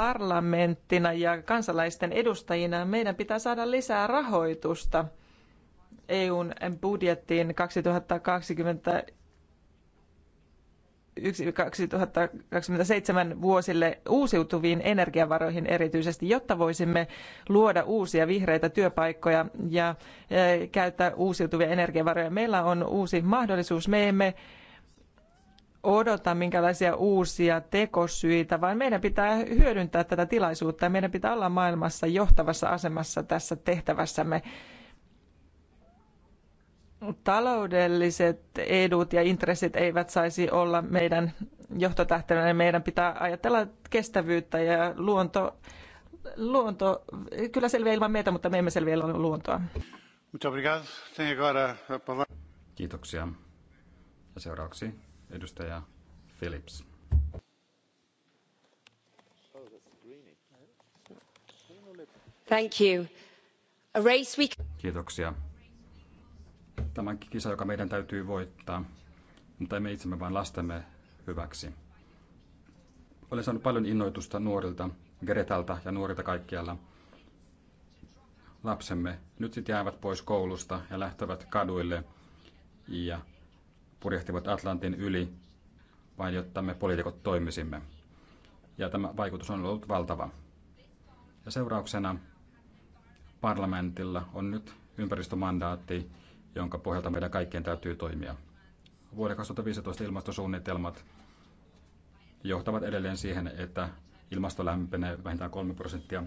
parlamenttina ja kansalaisten edustajina meidän pitää saada lisää rahoitusta EUn budjettiin 2020 2027 vuosille uusiutuviin energiavaroihin erityisesti, jotta voisimme luoda uusia vihreitä työpaikkoja ja eh, käyttää uusiutuvia energiavaroja. Meillä on uusi mahdollisuus. Me emme odota minkälaisia uusia tekosyitä, vaan meidän pitää hyödyntää tätä tilaisuutta ja meidän pitää olla maailmassa johtavassa asemassa tässä tehtävässämme. Taloudelliset edut ja intressit eivät saisi olla meidän johtotähtenä. Meidän pitää ajatella kestävyyttä ja luonto, luonto kyllä selviää ilman meitä, mutta me emme selviä ilman luontoa. Kiitoksia. Ja seuraavaksi Edustaja Phillips. Kiitoksia. Tämä on kisa, joka meidän täytyy voittaa, mutta emme itsemme vaan lastemme hyväksi. Olen saanut paljon innoitusta nuorilta, Gretalta ja nuorilta kaikkialla. Lapsemme nyt sitten jäävät pois koulusta ja lähtevät kaduille ja purjehtivat Atlantin yli, vain jotta me poliitikot toimisimme. Ja tämä vaikutus on ollut valtava. Ja seurauksena parlamentilla on nyt ympäristömandaatti, jonka pohjalta meidän kaikkien täytyy toimia. Vuoden 2015 ilmastosuunnitelmat johtavat edelleen siihen, että ilmasto lämpenee vähintään 3 prosenttia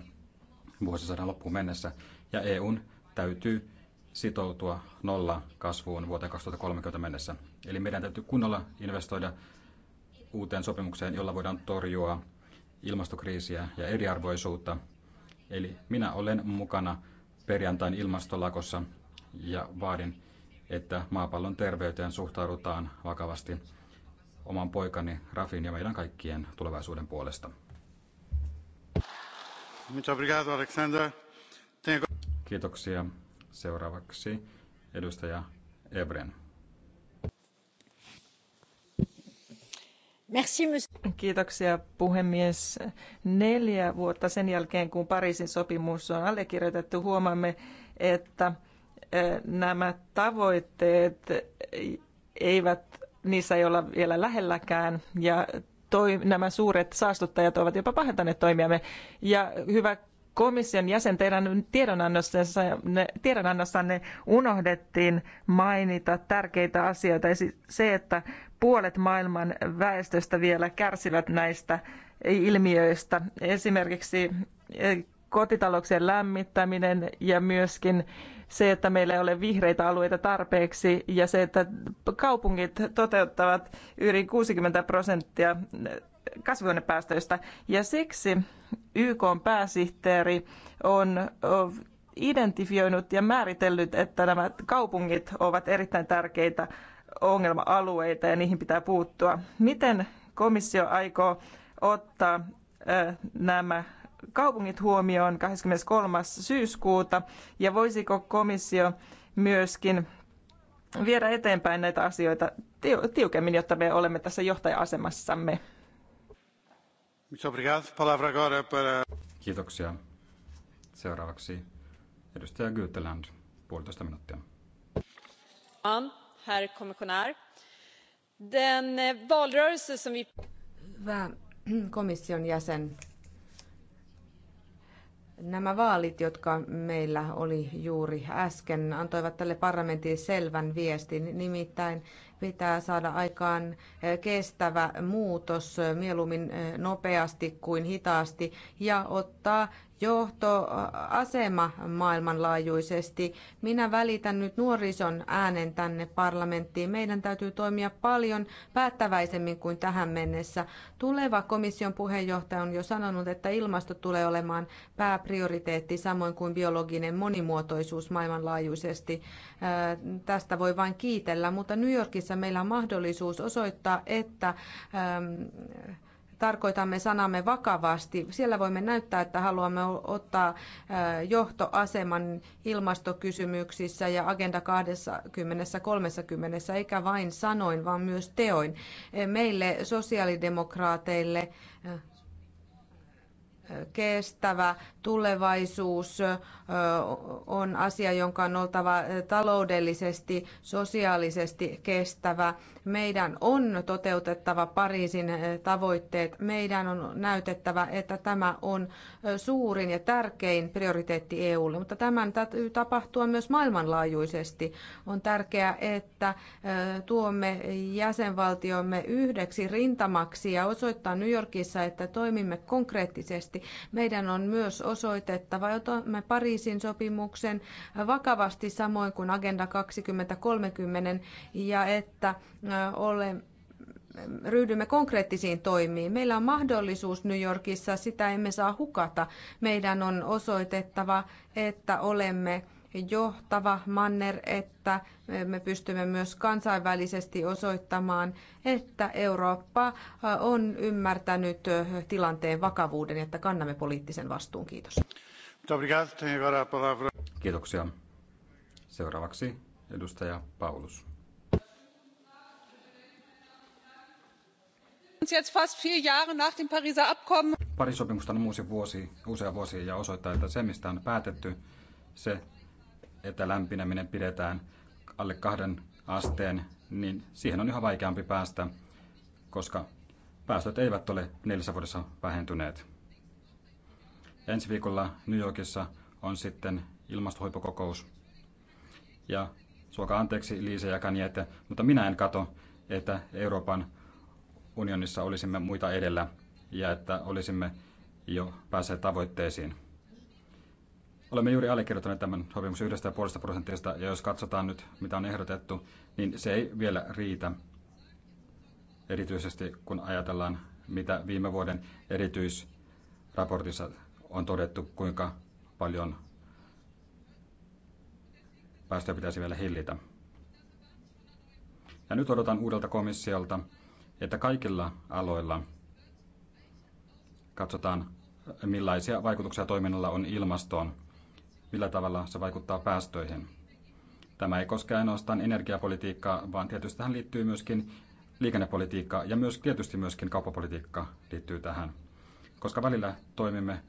vuosisadan loppuun mennessä, ja EUn täytyy sitoutua nolla kasvuun vuoteen 2030 mennessä. Eli meidän täytyy kunnolla investoida uuteen sopimukseen, jolla voidaan torjua ilmastokriisiä ja eriarvoisuutta. Eli minä olen mukana perjantain ilmastolakossa ja vaadin, että maapallon terveyteen suhtaudutaan vakavasti oman poikani Rafin ja meidän kaikkien tulevaisuuden puolesta. Kiitoksia, Seuraavaksi edustaja Evren. Kiitoksia puhemies. Neljä vuotta sen jälkeen, kun Pariisin sopimus on allekirjoitettu, huomaamme, että eh, nämä tavoitteet eivät, niissä ei olla vielä lähelläkään ja toi, nämä suuret saastuttajat ovat jopa pahentaneet toimiamme. Ja hyvä komission jäsen teidän tiedonannossanne, tiedonannossanne unohdettiin mainita tärkeitä asioita. Se, että puolet maailman väestöstä vielä kärsivät näistä ilmiöistä. Esimerkiksi eh, kotitalouksien lämmittäminen ja myöskin se, että meillä ei ole vihreitä alueita tarpeeksi ja se, että kaupungit toteuttavat yli 60 prosenttia kasvihuonepäästöistä. Ja siksi YK pääsihteeri on identifioinut ja määritellyt, että nämä kaupungit ovat erittäin tärkeitä ongelma-alueita ja niihin pitää puuttua. Miten komissio aikoo ottaa nämä kaupungit huomioon 23. syyskuuta ja voisiko komissio myöskin viedä eteenpäin näitä asioita tiukemmin, jotta me olemme tässä johtaja-asemassamme? Kiitoksia. Seuraavaksi edustaja Gyteland, puolitoista minuuttia. Herr kommissionär. Den eh, valrörelse som vi... Hyvä komission jäsen. Nämä vaalit, jotka meillä oli juuri äsken, antoivat tälle parlamentille selvän viestin, nimittäin, Pitää saada aikaan eh, kestävä muutos eh, mieluummin eh, nopeasti kuin hitaasti ja ottaa johtoasema maailmanlaajuisesti. Minä välitän nyt nuorison äänen tänne parlamenttiin. Meidän täytyy toimia paljon päättäväisemmin kuin tähän mennessä. Tuleva komission puheenjohtaja on jo sanonut, että ilmasto tulee olemaan pääprioriteetti, samoin kuin biologinen monimuotoisuus maailmanlaajuisesti. Äh, tästä voi vain kiitellä, mutta New Yorkissa meillä on mahdollisuus osoittaa, että ähm, tarkoitamme sanamme vakavasti. Siellä voimme näyttää, että haluamme ottaa johtoaseman ilmastokysymyksissä ja Agenda 2030, eikä vain sanoin, vaan myös teoin. Meille sosiaalidemokraateille kestävä tulevaisuus on asia, jonka on oltava taloudellisesti, sosiaalisesti kestävä. Meidän on toteutettava Pariisin tavoitteet. Meidän on näytettävä, että tämä on suurin ja tärkein prioriteetti EUlle, mutta tämän täytyy tapahtua myös maailmanlaajuisesti. On tärkeää, että tuomme jäsenvaltiomme yhdeksi rintamaksi ja osoittaa New Yorkissa, että toimimme konkreettisesti vakavasti. Meidän on myös osoitettava, että otamme Pariisin sopimuksen vakavasti samoin kuin Agenda 2030 ja että olemme ryhdymme konkreettisiin toimiin. Meillä on mahdollisuus New Yorkissa, sitä emme saa hukata. Meidän on osoitettava, että olemme johtava manner, että me pystymme myös kansainvälisesti osoittamaan, että Eurooppa on ymmärtänyt tilanteen vakavuuden, että kannamme poliittisen vastuun. Kiitos. Kiitoksia. Seuraavaksi edustaja Paulus. jetzt fast on uusi vuosi, usea vuosi ja osoittaa, että se mistä on päätetty, se että pidetään alle kahden asteen, niin siihen on yhä vaikeampi päästä, koska päästöt eivät ole neljässä vuodessa vähentyneet. Ensi viikolla New Yorkissa on sitten ilmastohuippukokous. Ja suoka anteeksi Liisa ja Kaniete, mutta minä en kato, että Euroopan unionissa olisimme muita edellä ja että olisimme jo päässeet tavoitteisiin. Olemme juuri allekirjoittaneet tämän sopimuksen 1,5 prosentista, ja jos katsotaan nyt, mitä on ehdotettu, niin se ei vielä riitä. Erityisesti kun ajatellaan, mitä viime vuoden erityisraportissa on todettu, kuinka paljon päästöjä pitäisi vielä hillitä. Ja nyt odotan uudelta komissiolta, että kaikilla aloilla katsotaan, millaisia vaikutuksia toiminnalla on ilmastoon millä tavalla se vaikuttaa päästöihin. Tämä ei koske ainoastaan energiapolitiikkaa, vaan tietysti tähän liittyy myöskin liikennepolitiikka ja myös, tietysti myöskin kauppapolitiikka liittyy tähän, koska välillä toimimme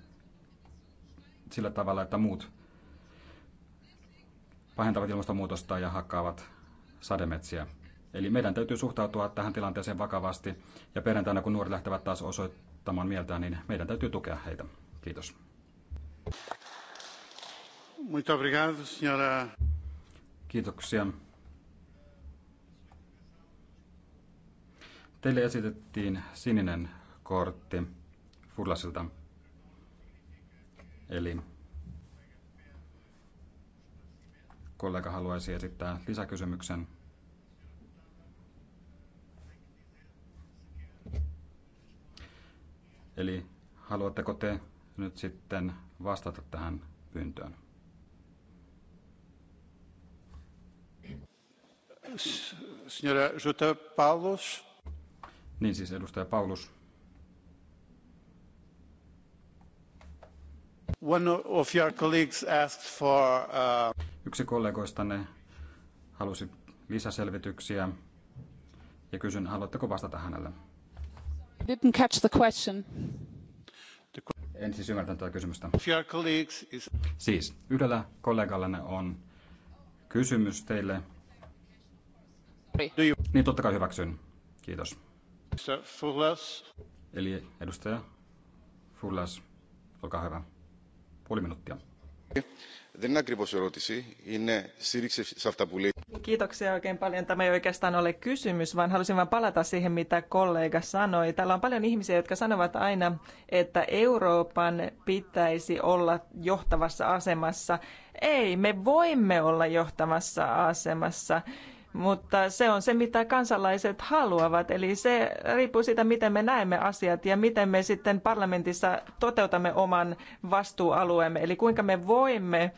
sillä tavalla, että muut pahentavat ilmastonmuutosta ja hakkaavat sademetsiä. Eli meidän täytyy suhtautua tähän tilanteeseen vakavasti ja perjantaina kun nuoret lähtevät taas osoittamaan mieltään, niin meidän täytyy tukea heitä. Kiitos. Muito obrigado, senhora. Kiitoksia. Teille esitettiin sininen kortti Furlasilta. Eli kollega haluaisi esittää lisäkysymyksen. Eli haluatteko te nyt sitten vastata tähän pyyntöön? Signora Jutta Paulus. Niin siis, Paulus. Uh, Yksi kollegoistanne halusi lisäselvityksiä ja kysyn, haluatteko vastata hänelle? Didn't catch the question. En siis ymmärtänyt tätä kysymystä. Siis yhdellä kollegallanne on kysymys teille niin totta kai hyväksyn. Kiitos. Eli edustaja Fullas, olkaa hyvä. Puoli minuuttia. Δεν είναι ακριβώ ερώτηση, είναι στήριξη σε αυτά που λέει. Kiitoksia oikein paljon. Tämä ei oikeastaan ole kysymys, vaan halusin vain palata siihen, mitä kollega sanoi. Täällä on paljon ihmisiä, jotka sanovat aina, että Euroopan pitäisi olla johtavassa asemassa. Ei, me voimme olla johtavassa asemassa mutta se on se, mitä kansalaiset haluavat. Eli se riippuu siitä, miten me näemme asiat ja miten me sitten parlamentissa toteutamme oman vastuualueemme. Eli kuinka me voimme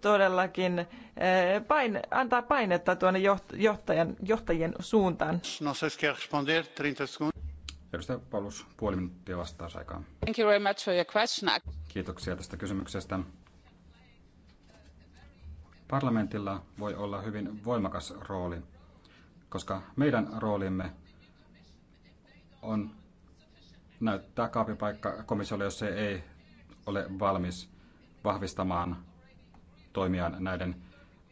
todellakin eh, pain, antaa painetta tuonne johtajan, johtajien suuntaan. No, Edustaja Paulus, puoli minuuttia vastausaikaa. Kiitoksia tästä kysymyksestä. Parlamentilla voi olla hyvin voimakas rooli, koska meidän roolimme on näyttää kaapipaikka komissiolle, jos se ei ole valmis vahvistamaan toimiaan näiden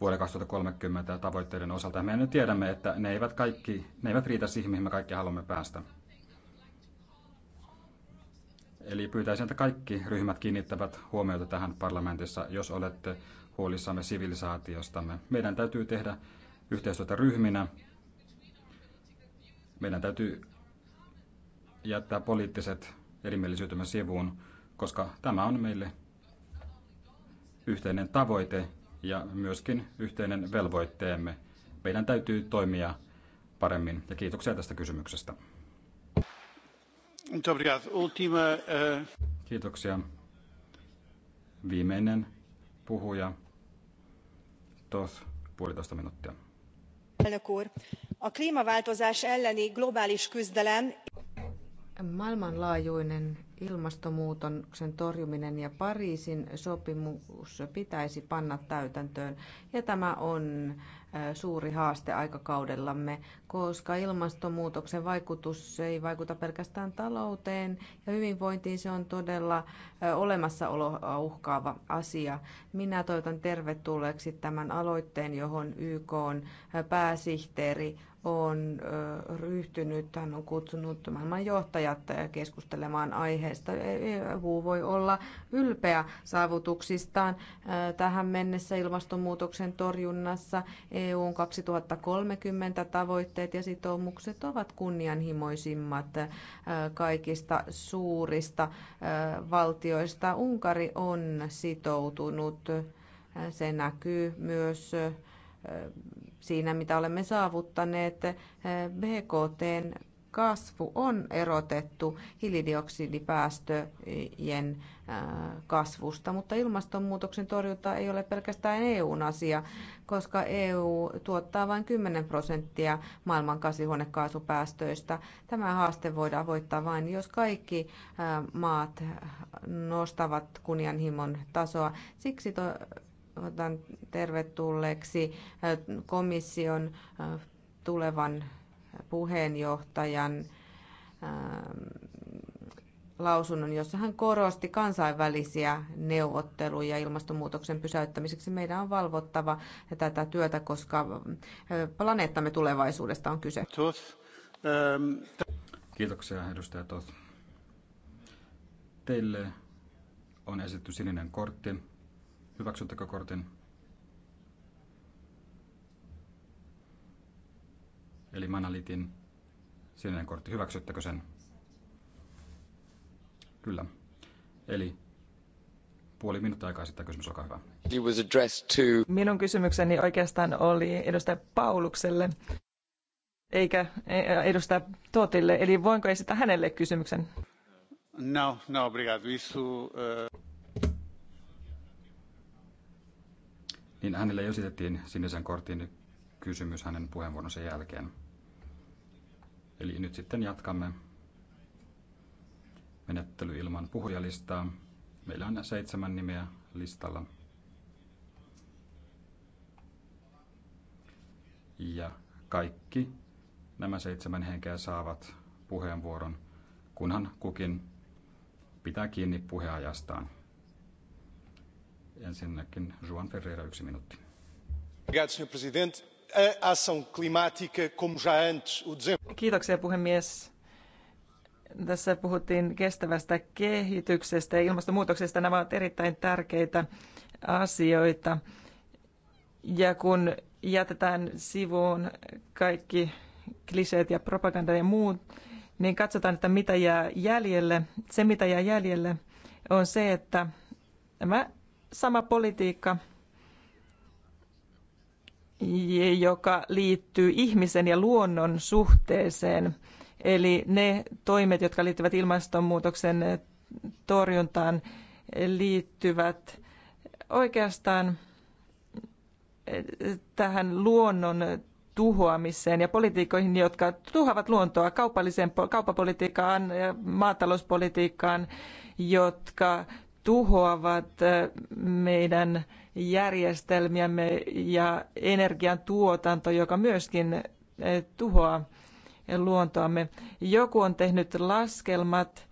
vuoden 2030 tavoitteiden osalta. Me nyt tiedämme, että ne eivät, kaikki, ne eivät riitä siihen, mihin me kaikki haluamme päästä. Eli pyytäisin, että kaikki ryhmät kiinnittävät huomiota tähän parlamentissa, jos olette huolissamme sivilisaatiostamme. Meidän täytyy tehdä yhteistyötä ryhminä. Meidän täytyy jättää poliittiset erimielisyytemme sivuun, koska tämä on meille yhteinen tavoite ja myöskin yhteinen velvoitteemme. Meidän täytyy toimia paremmin ja kiitoksia tästä kysymyksestä. Eh, kiitoksia. Viimeinen puhuja Bastos, puolitoista Elnök úr, a klímaváltozás elleni globális küzdelem... Maailmanlaajuinen ilmastonmuutoksen torjuminen ja Pariisin sopimus pitäisi panna täytäntöön. Ja tämä on suuri haaste aikakaudellamme, koska ilmastonmuutoksen vaikutus ei vaikuta pelkästään talouteen ja hyvinvointiin. Se on todella olemassaoloa uhkaava asia. Minä toivotan tervetulleeksi tämän aloitteen, johon YK on pääsihteeri on ryhtynyt. Hän on kutsunut maailman johtajat keskustelemaan aiheesta aiheesta. E, e, EU voi olla ylpeä saavutuksistaan tähän mennessä ilmastonmuutoksen torjunnassa. EUn 2030 tavoitteet ja sitoumukset ovat kunnianhimoisimmat kaikista suurista valtioista. Unkari on sitoutunut. Se näkyy myös siinä, mitä olemme saavuttaneet BKTn kasvu on erotettu hiilidioksidipäästöjen kasvusta, mutta ilmastonmuutoksen torjunta ei ole pelkästään EUn asia, koska EU tuottaa vain 10 prosenttia maailman kasvihuonekaasupäästöistä. Tämä haaste voidaan voittaa vain, jos kaikki maat nostavat kunnianhimon tasoa. Siksi to- otan tervetulleeksi komission tulevan puheenjohtajan ähm, lausunnon, jossa hän korosti kansainvälisiä neuvotteluja ilmastonmuutoksen pysäyttämiseksi. Meidän on valvottava tätä työtä, koska äh, planeettamme tulevaisuudesta on kyse. Ähm, Kiitoksia edustaja Toth. Teille on esitetty sininen kortti. Hyväksyttekö kortin? eli Manalitin sininen kortti. Hyväksyttekö sen? Kyllä. Eli puoli minuuttia aikaa sitten kysymys, olkaa hyvä. Minun kysymykseni oikeastaan oli edustaja Paulukselle eikä e, edustaja Totille, eli voinko esittää hänelle kysymyksen? No, no, obrigado. Isso, uh... Niin hänelle esitettiin sinisen kortin kysymys hänen puheenvuoronsa jälkeen. Eli nyt sitten jatkamme menettely ilman puhujalistaa. Meillä on seitsemän nimeä listalla. Ja kaikki nämä seitsemän henkeä saavat puheenvuoron, kunhan kukin pitää kiinni puheajastaan. Ensinnäkin Juan Ferreira, yksi minuutti. Obrigado, Presidente. Kiitoksia puhemies. Tässä puhuttiin kestävästä kehityksestä ja ilmastonmuutoksesta. Nämä ovat erittäin tärkeitä asioita. Ja kun jätetään sivuun kaikki kliseet ja propaganda ja muut, niin katsotaan, että mitä jää jäljelle. Se, mitä jää jäljelle, on se, että tämä sama politiikka – joka liittyy ihmisen ja luonnon suhteeseen. Eli ne toimet, jotka liittyvät ilmastonmuutoksen torjuntaan, liittyvät oikeastaan eh, tähän luonnon tuhoamiseen ja politiikoihin, jotka tuhoavat luontoa kaupalliseen, kauppapolitiikkaan ja maatalouspolitiikkaan, jotka tuhoavat meidän järjestelmiämme ja energiantuotanto, joka myöskin tuhoaa luontoamme. Joku on tehnyt laskelmat,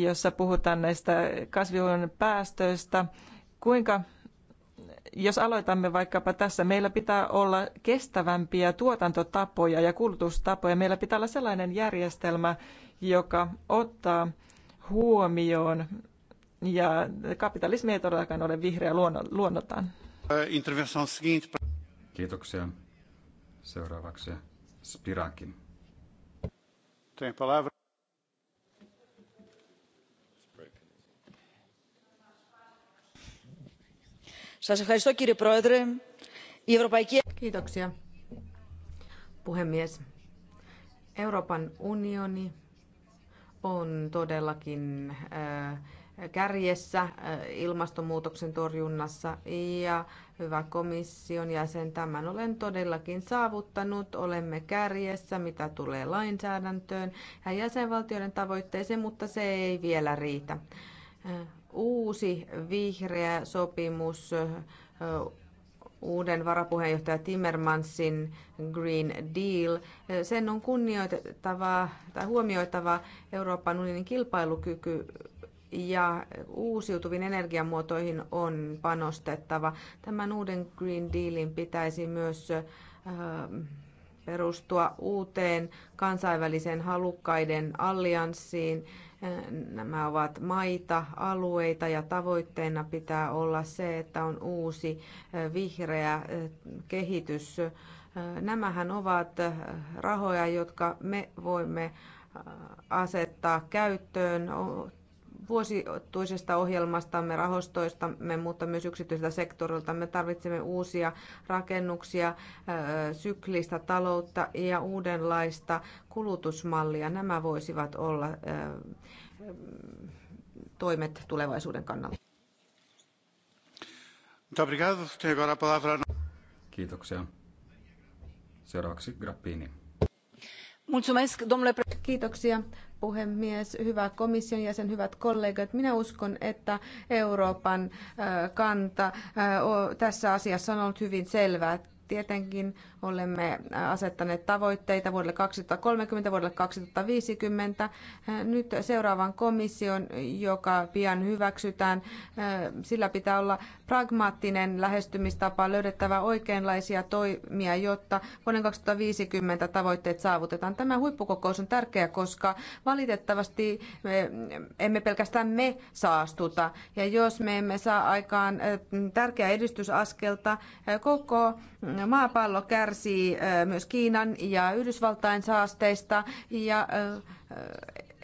jossa puhutaan näistä kasvihuonepäästöistä. Kuinka, jos aloitamme vaikkapa tässä, meillä pitää olla kestävämpiä tuotantotapoja ja kulutustapoja. Meillä pitää olla sellainen järjestelmä, joka ottaa huomioon ja kapitalismi ei todellakaan ole vihreä luonnotaan. Kiitoksia. Seuraavaksi Spirakin. Kiitoksia, puhemies. Euroopan unioni on todellakin äh, kärjessä ilmastonmuutoksen torjunnassa ja hyvä komission jäsen, tämän olen todellakin saavuttanut. Olemme kärjessä, mitä tulee lainsäädäntöön ja jäsenvaltioiden tavoitteeseen, mutta se ei vielä riitä. Uusi vihreä sopimus uuden varapuheenjohtaja Timmermansin Green Deal. Sen on kunnioitettava tai huomioitava Euroopan unionin kilpailukyky ja uusiutuviin energiamuotoihin on panostettava. Tämän uuden Green Dealin pitäisi myös perustua uuteen kansainväliseen halukkaiden allianssiin. Nämä ovat maita, alueita ja tavoitteena pitää olla se, että on uusi vihreä kehitys. Nämähän ovat rahoja, jotka me voimme asettaa käyttöön vuosituisesta ohjelmastamme, rahastoistamme, mutta myös yksityiseltä sektorilta. Me tarvitsemme uusia rakennuksia, syklistä taloutta ja uudenlaista kulutusmallia. Nämä voisivat olla toimet tulevaisuuden kannalta. No- Kiitoksia. Seuraavaksi Grappini. Kiitoksia puhemies, hyvä komission jäsen, hyvät kollegat. Minä uskon, että Euroopan kanta tässä asiassa on ollut hyvin selvää tietenkin olemme asettaneet tavoitteita vuodelle 2030, vuodelle 2050. Nyt seuraavan komission, joka pian hyväksytään, sillä pitää olla pragmaattinen lähestymistapa, löydettävä oikeanlaisia toimia, jotta vuoden 2050 tavoitteet saavutetaan. Tämä huippukokous on tärkeä, koska valitettavasti me, emme pelkästään me saastuta. Ja jos me emme saa aikaan tärkeää edistysaskelta, koko maapallo kärsii myös Kiinan ja Yhdysvaltain saasteista ja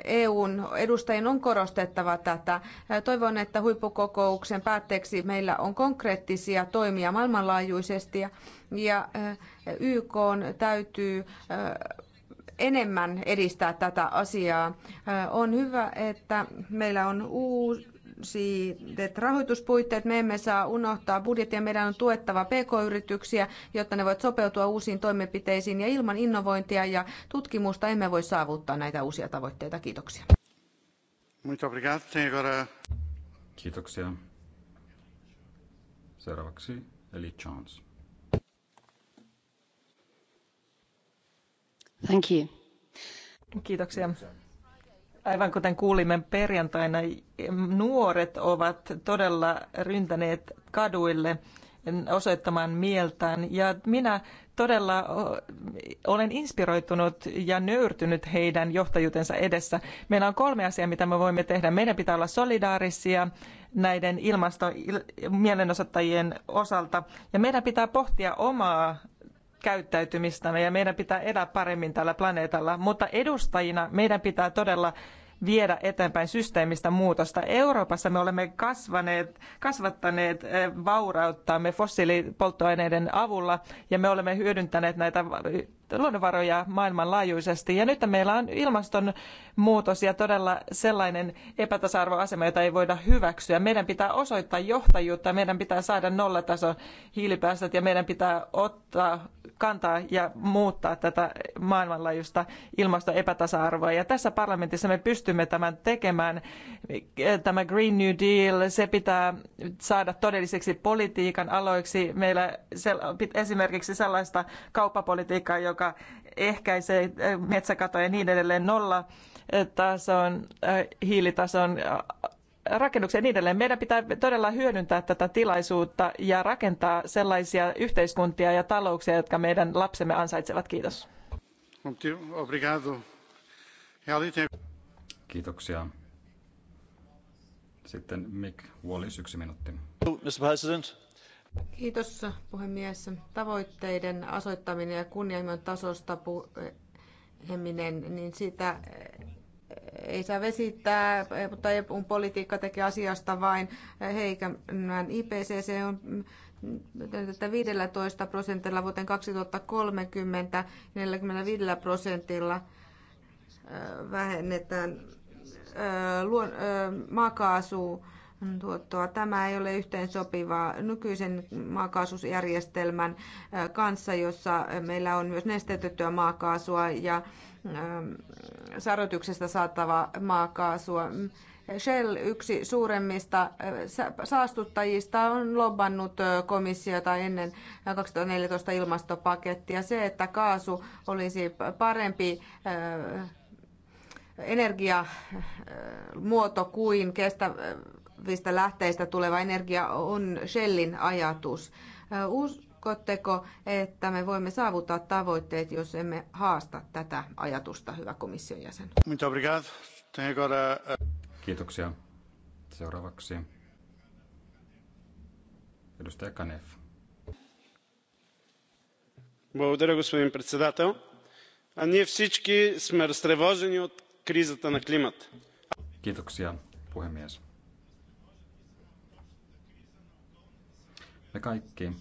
EUn edustajien on korostettava tätä. Toivon, että huippukokouksen päätteeksi meillä on konkreettisia toimia maailmanlaajuisesti ja eh, YK täytyy eh, enemmän edistää tätä asiaa. Eh, on hyvä, että meillä on uusi uudet rahoituspuitteet. Me emme saa unohtaa budjettia. Meidän on tuettava pk-yrityksiä, jotta ne voivat sopeutua uusiin toimenpiteisiin. Ja ilman innovointia ja tutkimusta emme voi saavuttaa näitä uusia tavoitteita. Kiitoksia. Kiitoksia. Seuraavaksi Eli Jones. Thank you. Kiitoksia. Kiitoksia. Aivan kuten kuulimme perjantaina, nuoret ovat todella ryntäneet kaduille osoittamaan mieltään. Ja minä todella olen inspiroitunut ja nöyrtynyt heidän johtajuutensa edessä. Meillä on kolme asiaa, mitä me voimme tehdä. Meidän pitää olla solidaarisia näiden ilmastomielenosoittajien osalta ja meidän pitää pohtia omaa käyttäytymistämme ja meidän pitää elää paremmin tällä planeetalla, mutta edustajina meidän pitää todella viedä eteenpäin systeemistä muutosta. Euroopassa me olemme kasvaneet, kasvattaneet eh, vaurauttamme fossiilipolttoaineiden avulla ja me olemme hyödyntäneet näitä luonnonvaroja maailmanlaajuisesti. Ja nyt meillä on ilmastonmuutos ja todella sellainen epätasa-arvoasema, jota ei voida hyväksyä. Meidän pitää osoittaa johtajuutta, meidän pitää saada nollataso hiilipäästöt ja meidän pitää ottaa kantaa ja muuttaa tätä maailmanlaajuista ilmastoepätasa-arvoa. Ja tässä parlamentissa me pystymme tämän tekemään. Tämä Green New Deal, se pitää saada todelliseksi politiikan aloiksi. Meillä esimerkiksi sellaista kauppapolitiikkaa, joka joka ehkäisee äh, metsäkatoja ja niin edelleen nolla äh, tason, äh, hiilitason rakennuksia ja niin edelleen. Meidän pitää todella hyödyntää tätä tilaisuutta ja rakentaa sellaisia yhteiskuntia ja talouksia, jotka meidän lapsemme ansaitsevat. Kiitos. Kiitoksia. Sitten Mick Wallis, yksi minuutti. Mr. President. Kiitos puhemies. Tavoitteiden asoittaminen ja kunnianhimon tasosta puheminen, niin sitä eh, ei saa vesittää, eh, mutta EUn politiikka tekee asiasta vain eh, heikemmän. IPCC on 15 prosentilla vuoteen 2030 45 prosentilla vähennetään maakaasua tuottoa. Tämä ei ole sopivaa nykyisen maakaasusjärjestelmän kanssa, jossa meillä on myös nestetettyä maakaasua ja ähm, sarotuksesta saatavaa maakaasua. Shell, yksi suuremmista saastuttajista, on lobannut komissiota ennen 2014 ilmastopakettia. Se, että kaasu olisi parempi energiamuoto kuin kestä, vihreistä lähteistä tuleva energia on Shellin ajatus. Uskotteko, että me voimme saavuttaa tavoitteet, jos emme haasta tätä ajatusta, hyvä komission jäsen? Eh, Kiitoksia. Seuraavaksi edustaja Kanef. Благодаря, господин председател. А ние всички сме разтревожени от кризата на климата. Kiitoksia, puhemies. Me kaikki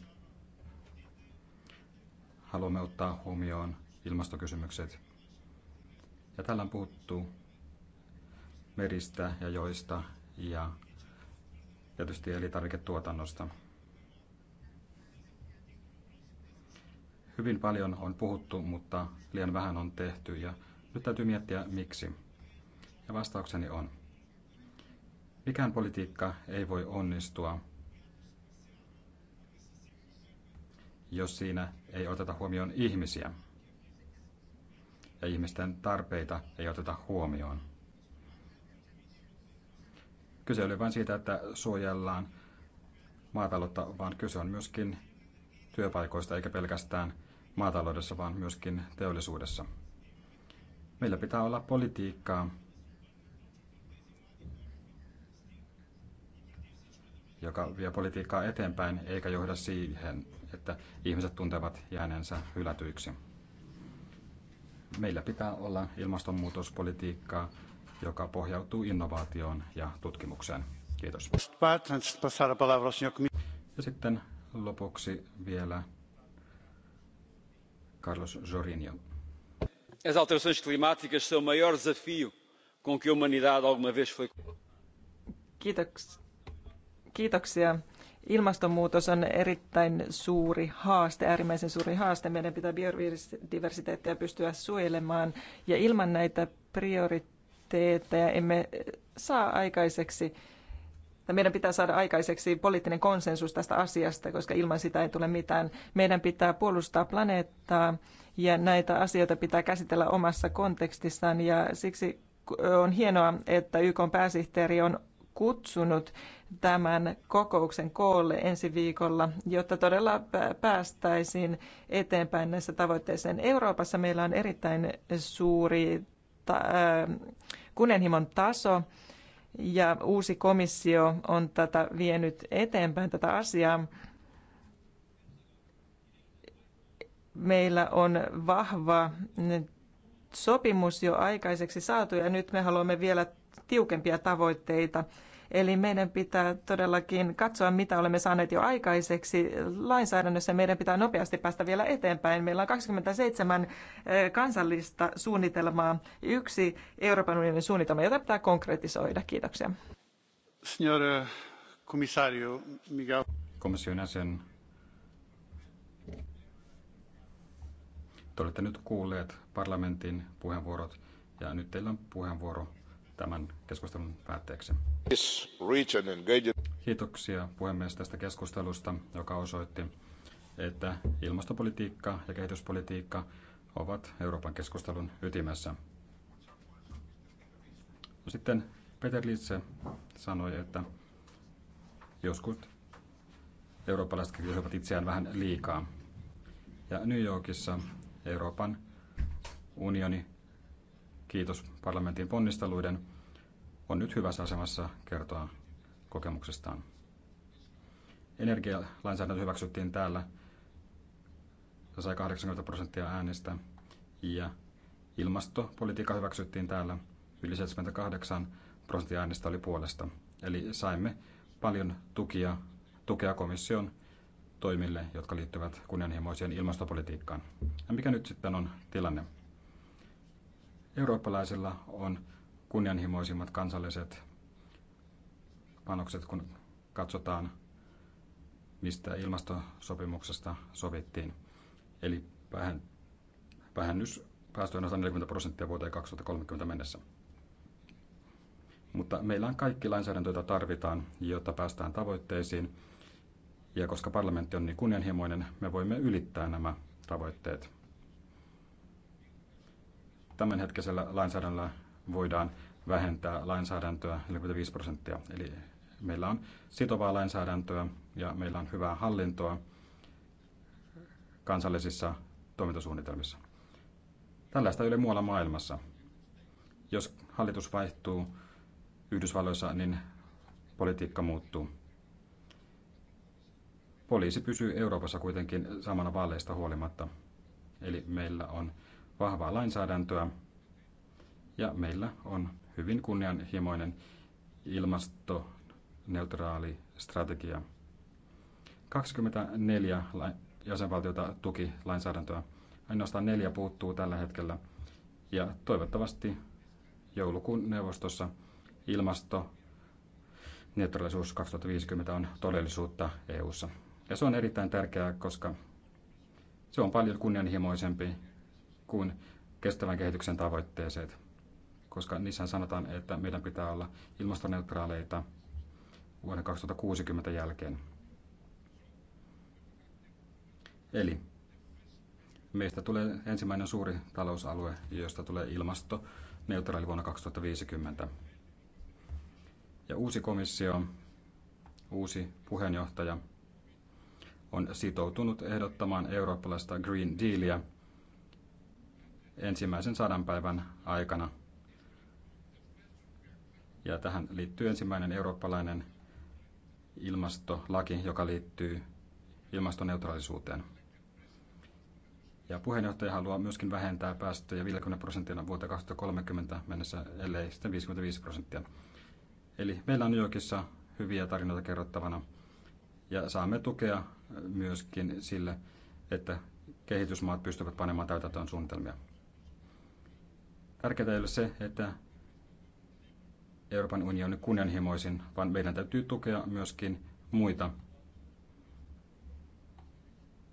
haluamme ottaa huomioon ilmastokysymykset. Ja tällä on puhuttu meristä ja joista ja tietysti elintarviketuotannosta. Hyvin paljon on puhuttu, mutta liian vähän on tehty ja nyt täytyy miettiä miksi. Ja vastaukseni on, mikään politiikka ei voi onnistua jos siinä ei oteta huomioon ihmisiä ja ihmisten tarpeita ei oteta huomioon. Kyse oli vain siitä, että suojellaan maataloutta, vaan kyse on myöskin työpaikoista, eikä pelkästään maataloudessa, vaan myöskin teollisuudessa. Meillä pitää olla politiikkaa, joka vie politiikkaa eteenpäin eikä johda siihen, että ihmiset tuntevat jääneensä hylätyiksi. Meillä pitää olla ilmastonmuutospolitiikkaa, joka pohjautuu innovaatioon ja tutkimukseen. Kiitos. Ja sitten lopuksi vielä Carlos Jorinho. As alterações climáticas são o maior desafio com que a humanidade alguma vez foi. Kiitoksia Kiitoksia. Ilmastonmuutos on erittäin suuri haaste, äärimmäisen suuri haaste. Meidän pitää biodiversiteettiä pystyä suojelemaan ja ilman näitä prioriteetteja emme saa aikaiseksi meidän pitää saada aikaiseksi poliittinen konsensus tästä asiasta, koska ilman sitä ei tule mitään. Meidän pitää puolustaa planeettaa ja näitä asioita pitää käsitellä omassa kontekstissaan ja siksi on hienoa, että YK pääsihteeri on kutsunut tämän kokouksen koolle ensi viikolla, jotta todella päästäisiin eteenpäin näissä tavoitteissa. Euroopassa meillä on erittäin suuri ta- äh, kunnianhimon taso ja uusi komissio on tätä vienyt eteenpäin tätä asiaa. Meillä on vahva sopimus jo aikaiseksi saatu ja nyt me haluamme vielä tiukempia tavoitteita Eli meidän pitää todellakin katsoa, mitä olemme saaneet jo aikaiseksi lainsäädännössä. Meidän pitää nopeasti päästä vielä eteenpäin. Meillä on 27 kansallista suunnitelmaa, yksi Euroopan unionin suunnitelma, jota pitää konkretisoida. Kiitoksia. Signor komissario, eh, mikä... Komission jäsen, te olette nyt kuulleet parlamentin puheenvuorot ja nyt teillä on puheenvuoro tämän keskustelun päätteeksi. Kiitoksia puhemies tästä keskustelusta, joka osoitti, että ilmastopolitiikka ja kehityspolitiikka ovat Euroopan keskustelun ytimessä. No sitten Peter Litse sanoi, että joskus eurooppalaiset kritisoivat itseään vähän liikaa. Ja New Yorkissa Euroopan unioni kiitos parlamentin ponnisteluiden, on nyt hyvässä asemassa kertoa kokemuksestaan. Energialainsäädäntö hyväksyttiin täällä. Se sai 80 prosenttia äänestä. Ja ilmastopolitiikka hyväksyttiin täällä. Yli 78 prosenttia äänestä oli puolesta. Eli saimme paljon tukia, tukea komission toimille, jotka liittyvät kunnianhimoiseen ilmastopolitiikkaan. Ja mikä nyt sitten on tilanne? Eurooppalaisilla on kunnianhimoisimmat kansalliset panokset, kun katsotaan, mistä ilmastosopimuksesta sovittiin. Eli vähennys päästöjen 140 prosenttia vuoteen 2030 mennessä. Mutta meillä on kaikki lainsäädäntö, jota tarvitaan, jotta päästään tavoitteisiin. Ja koska parlamentti on niin kunnianhimoinen, me voimme ylittää nämä tavoitteet tämänhetkisellä lainsäädännöllä voidaan vähentää lainsäädäntöä 45 prosenttia. Eli meillä on sitovaa lainsäädäntöä ja meillä on hyvää hallintoa kansallisissa toimintasuunnitelmissa. Tällaista ei ole muualla maailmassa. Jos hallitus vaihtuu Yhdysvalloissa, niin politiikka muuttuu. Poliisi pysyy Euroopassa kuitenkin samana vaaleista huolimatta. Eli meillä on vahvaa lainsäädäntöä ja meillä on hyvin kunnianhimoinen ilmastoneutraali strategia. 24 jäsenvaltiota tuki lainsäädäntöä. Ainoastaan neljä puuttuu tällä hetkellä. Ja toivottavasti joulukuun neuvostossa ilmasto neutraalisuus 2050 on todellisuutta EU:ssa. Ja se on erittäin tärkeää, koska se on paljon kunnianhimoisempi kuin kestävän kehityksen tavoitteet, koska niissä sanotaan, että meidän pitää olla ilmastoneutraaleita vuoden 2060 jälkeen. Eli meistä tulee ensimmäinen suuri talousalue, josta tulee ilmasto neutraali vuonna 2050. Ja uusi komissio, uusi puheenjohtaja on sitoutunut ehdottamaan eurooppalaista Green Dealia, ensimmäisen sadan päivän aikana. Ja tähän liittyy ensimmäinen eurooppalainen ilmastolaki, joka liittyy ilmastoneutraalisuuteen. Ja puheenjohtaja haluaa myöskin vähentää päästöjä 50 prosenttia vuoteen 2030 mennessä, ellei sitten 55 prosenttia. Eli meillä on New Yorkissa hyviä tarinoita kerrottavana ja saamme tukea myöskin sille, että kehitysmaat pystyvät panemaan täytäntöön suunnitelmia tärkeää ei ole se, että Euroopan unioni on kunnianhimoisin, vaan meidän täytyy tukea myöskin muita.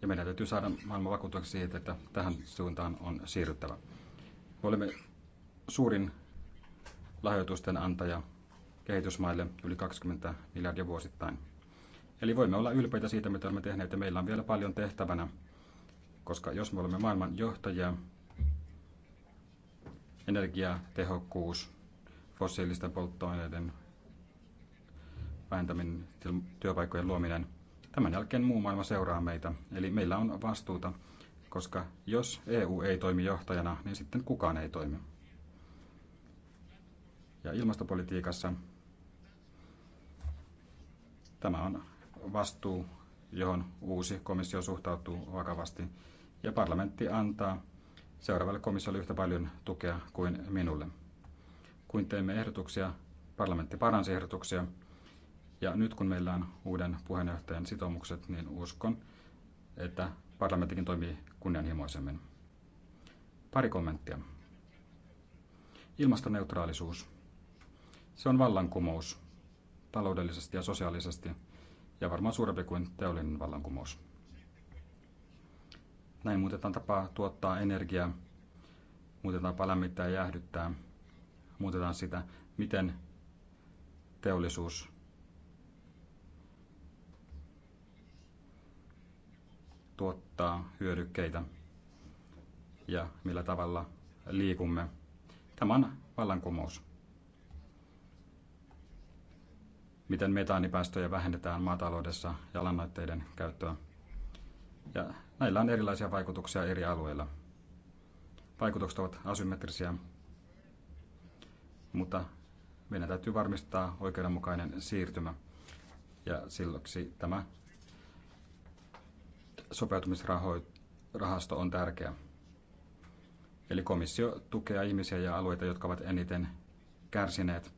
Ja meidän täytyy saada maailman vakuutuksi siitä, että tähän suuntaan on siirryttävä. Me olemme suurin lahjoitusten antaja kehitysmaille yli 20 miljardia vuosittain. Eli voimme olla ylpeitä siitä, mitä olemme tehneet, ja meillä on vielä paljon tehtävänä, koska jos me olemme maailman johtajia, energiatehokkuus, fossiilisten polttoaineiden vähentäminen, työpaikkojen luominen. Tämän jälkeen muu maailma seuraa meitä, eli meillä on vastuuta, koska jos EU ei toimi johtajana, niin sitten kukaan ei toimi. Ja ilmastopolitiikassa tämä on vastuu, johon uusi komissio suhtautuu vakavasti ja parlamentti antaa seuraavalle komissiolle yhtä paljon tukea kuin minulle. Kun teimme ehdotuksia, parlamentti paransi ehdotuksia, ja nyt kun meillä on uuden puheenjohtajan sitoumukset, niin uskon, että parlamenttikin toimii kunnianhimoisemmin. Pari kommenttia. Ilmastoneutraalisuus. Se on vallankumous, taloudellisesti ja sosiaalisesti, ja varmaan suurempi kuin teollinen vallankumous. Näin muutetaan tapaa tuottaa energiaa, muutetaan tapaa lämmittää ja jäähdyttää, muutetaan sitä, miten teollisuus tuottaa hyödykkeitä ja millä tavalla liikumme. Tämä on vallankumous. Miten metaanipäästöjä vähennetään maataloudessa ja lannoitteiden käyttöä. Ja näillä on erilaisia vaikutuksia eri alueilla. Vaikutukset ovat asymmetrisiä, mutta meidän täytyy varmistaa oikeudenmukainen siirtymä. Ja silloin tämä sopeutumisrahasto on tärkeä. Eli komissio tukee ihmisiä ja alueita, jotka ovat eniten kärsineet.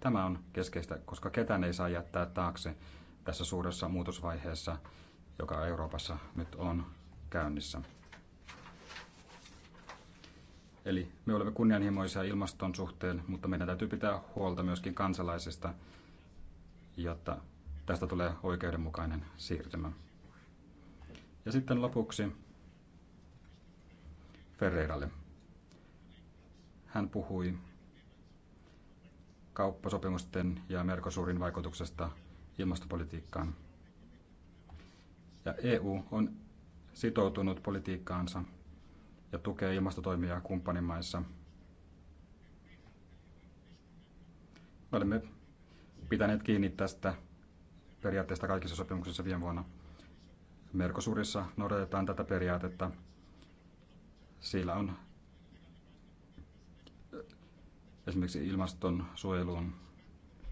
Tämä on keskeistä, koska ketään ei saa jättää taakse tässä suuressa muutosvaiheessa, joka Euroopassa nyt on käynnissä. Eli me olemme kunnianhimoisia ilmaston suhteen, mutta meidän täytyy pitää huolta myöskin kansalaisista, jotta tästä tulee oikeudenmukainen siirtymä. Ja sitten lopuksi Ferreiralle. Hän puhui kauppasopimusten ja Mercosurin vaikutuksesta ilmastopolitiikkaan. Ja EU on sitoutunut politiikkaansa ja tukee ilmastotoimia kumppanimaissa. Me olemme pitäneet kiinni tästä periaatteesta kaikissa sopimuksissa viime vuonna. Merkosurissa noudatetaan tätä periaatetta. Sillä on äh, esimerkiksi ilmastonsuojeluun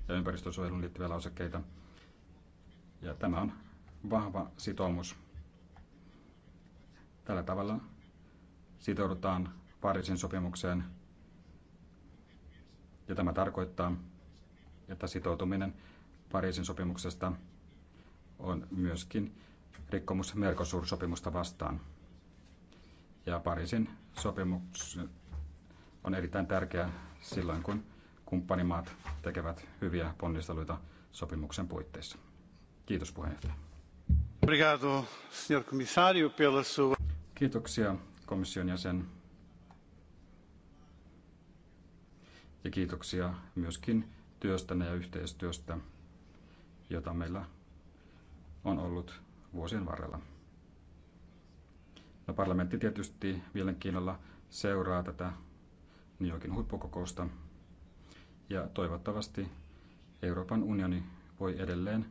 ja ympäristönsuojeluun liittyviä lausekkeita. Ja tämä on vahva sitoumus. Tällä tavalla sitoudutaan Pariisin sopimukseen. Ja tämä tarkoittaa, että sitoutuminen Pariisin sopimuksesta on myöskin rikkomus Mercosur-sopimusta vastaan. Ja Pariisin sopimus on erittäin tärkeä silloin, kun kumppanimaat tekevät hyviä ponnisteluita sopimuksen puitteissa. Kiitos puheenjohtaja. Kiitoksia komission jäsen. Ja kiitoksia myöskin työstänne ja yhteistyöstä, jota meillä on ollut vuosien varrella. No, parlamentti tietysti mielenkiinnolla seuraa tätä New Yorkin huippukokousta ja toivottavasti Euroopan unioni voi edelleen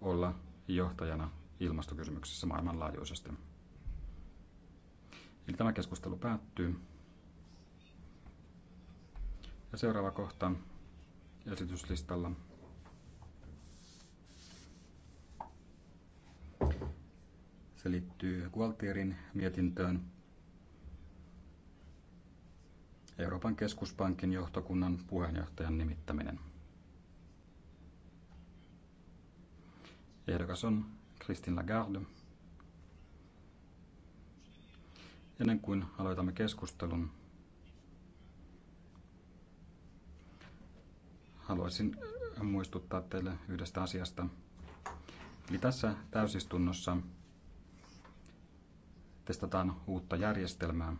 olla johtajana ilmastokysymyksissä maailmanlaajuisesti. Eli tämä keskustelu päättyy. Ja seuraava kohta esityslistalla Se liittyy Gualtierin mietintöön Euroopan keskuspankin johtokunnan puheenjohtajan nimittäminen. Ehdokas on Kristin Lagarde. Ennen kuin aloitamme keskustelun, haluaisin muistuttaa teille yhdestä asiasta. Eli tässä täysistunnossa testataan uutta järjestelmää.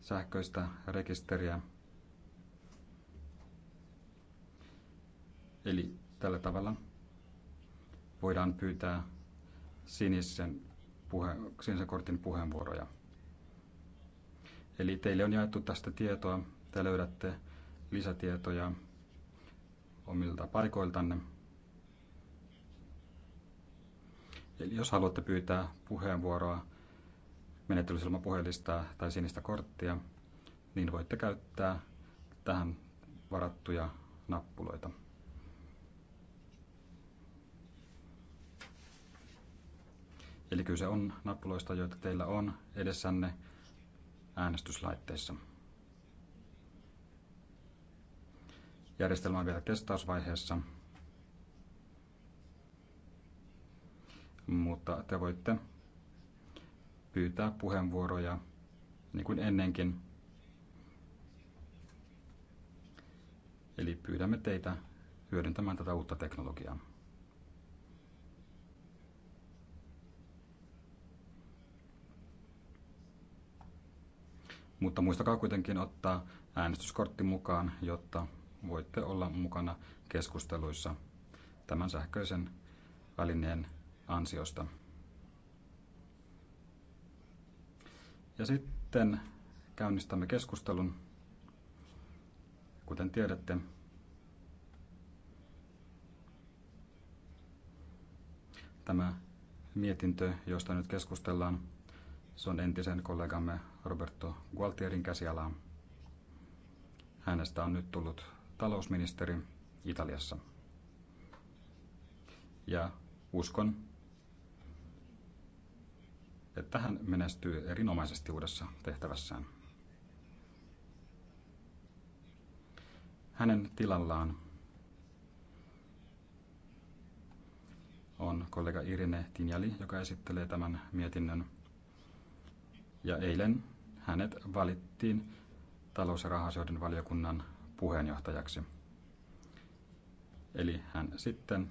Sähköistä rekisteriä. Eli Tällä tavalla voidaan pyytää sinisen, puhe, sinisen kortin puheenvuoroja. Eli teille on jaettu tästä tietoa. Te löydätte lisätietoja omilta parikoiltanne. Eli jos haluatte pyytää puheenvuoroa menettelysilman puhelista tai sinistä korttia, niin voitte käyttää tähän varattuja nappuloita. Eli kyse on nappuloista, joita teillä on edessänne äänestyslaitteissa. Järjestelmä on vielä testausvaiheessa, mutta te voitte pyytää puheenvuoroja niin kuin ennenkin. Eli pyydämme teitä hyödyntämään tätä uutta teknologiaa. Mutta muistakaa kuitenkin ottaa äänestyskortti mukaan, jotta voitte olla mukana keskusteluissa tämän sähköisen välineen ansiosta. Ja sitten käynnistämme keskustelun. Kuten tiedätte, tämä mietintö, josta nyt keskustellaan, se on entisen kollegamme Roberto Gualtierin käsialaa. Hänestä on nyt tullut talousministeri Italiassa. Ja uskon, että hän menestyy erinomaisesti uudessa tehtävässään. Hänen tilallaan on kollega Irine Tinjali, joka esittelee tämän mietinnön ja eilen hänet valittiin talous- ja rahasioiden valiokunnan puheenjohtajaksi. Eli hän sitten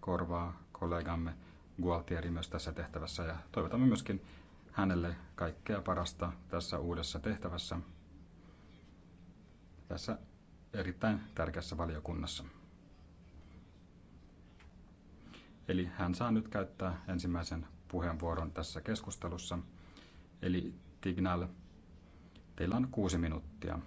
korvaa kollegamme Gualtieri myös tässä tehtävässä ja toivotamme myöskin hänelle kaikkea parasta tässä uudessa tehtävässä, tässä erittäin tärkeässä valiokunnassa. Eli hän saa nyt käyttää ensimmäisen puheenvuoron tässä keskustelussa. Eli Tignal, teillä on kuusi minuuttia.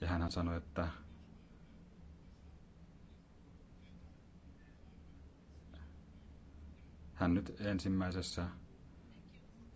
Ja hän sanoi, että hän nyt ensimmäisessä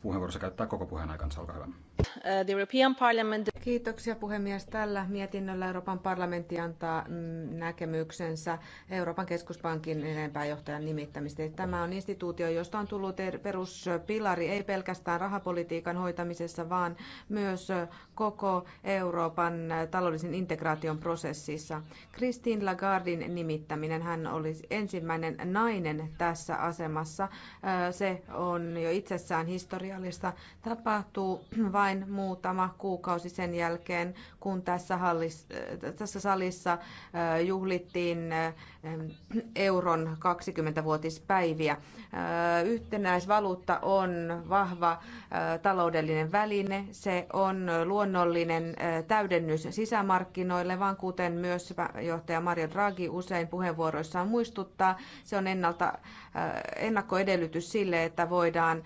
puheenvuorossa käyttää koko puheen aikansa. Olkaa hyvä. Uh, Kiitoksia puhemies. Tällä mietinnöllä Euroopan parlamentti antaa mm, näkemyksensä Euroopan keskuspankin enempääjohtajan nimittämistä. Tämä on instituutio, josta on tullut er-, peruspilari ei pelkästään rahapolitiikan hoitamisessa, vaan myös koko Euroopan taloudellisen integraation prosessissa. Christine Lagardin nimittäminen, hän oli ensimmäinen nainen tässä asemassa. Uh, se on jo itsessään historiallista. Tapahtuu vain vain muutama kuukausi sen jälkeen, kun tässä, hallis, äh, tässä salissa äh, juhlittiin äh, euron 20-vuotispäiviä. Yhtenäisvaluutta on vahva taloudellinen väline. Se on luonnollinen täydennys sisämarkkinoille, vaan kuten myös johtaja Mario Draghi usein puheenvuoroissaan muistuttaa, se on ennalta ennakkoedellytys sille, että voidaan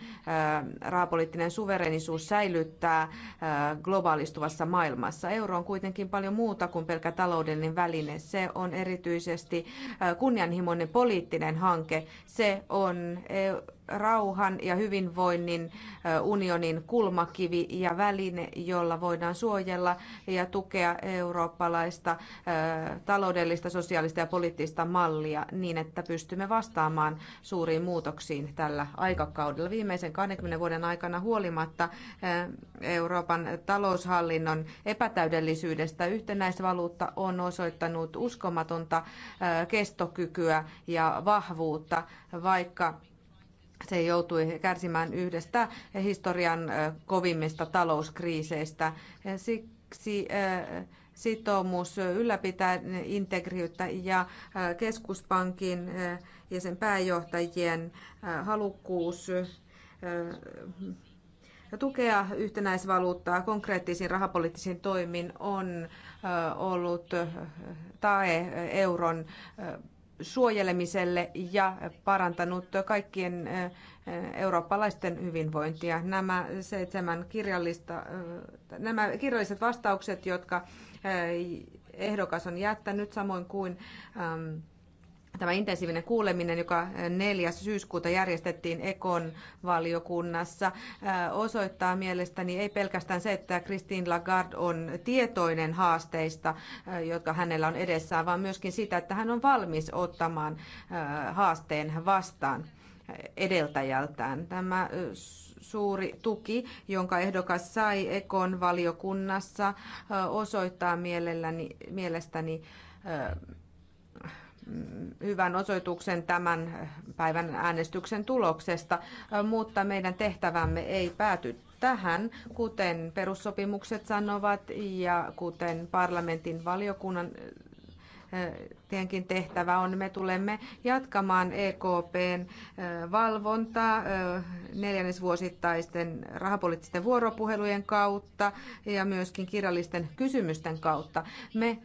rahapoliittinen suverenisuus säilyttää globaalistuvassa maailmassa. Euro on kuitenkin paljon muuta kuin pelkä taloudellinen väline. Se on erityisesti kunnianhimoinen poliittinen hanke. Se on rauhan ja hyvinvoinnin unionin kulmakivi ja väline, jolla voidaan suojella ja tukea eurooppalaista taloudellista, sosiaalista ja poliittista mallia niin, että pystymme vastaamaan suuriin muutoksiin tällä aikakaudella. Viimeisen 20 vuoden aikana huolimatta Euroopan taloushallinnon epätäydellisyydestä yhtenäisvaluutta on osoittanut uskomatonta kestokykyä ja vahvuutta, vaikka se joutui kärsimään yhdestä historian kovimmista talouskriiseistä. Siksi sitoumus ylläpitää integriyttä ja keskuspankin ja sen pääjohtajien halukkuus tukea yhtenäisvaluuttaa konkreettisiin rahapoliittisiin toimiin on ollut tae euron suojelemiselle ja parantanut kaikkien eurooppalaisten hyvinvointia. Nämä seitsemän kirjallista, nämä kirjalliset vastaukset, jotka ehdokas on jättänyt, samoin kuin Tämä intensiivinen kuuleminen, joka 4. Eh, syyskuuta järjestettiin Ekon valiokunnassa, eh, osoittaa mielestäni ei pelkästään se, että Christine Lagarde on tietoinen haasteista, eh, jotka hänellä on edessään, vaan myöskin sitä, että hän on valmis ottamaan haasteen vastaan edeltäjältään. Tämä suuri tuki, jonka ehdokas sai Ekon valiokunnassa, osoittaa mielestäni hyvän osoituksen tämän päivän äänestyksen tuloksesta, mutta meidän tehtävämme ei pääty tähän, kuten perussopimukset sanovat ja kuten parlamentin valiokunnan teidänkin tehtävä on. Me tulemme jatkamaan EKPn valvontaa neljännesvuosittaisten rahapoliittisten vuoropuhelujen kautta ja myöskin kirjallisten kysymysten kautta. Me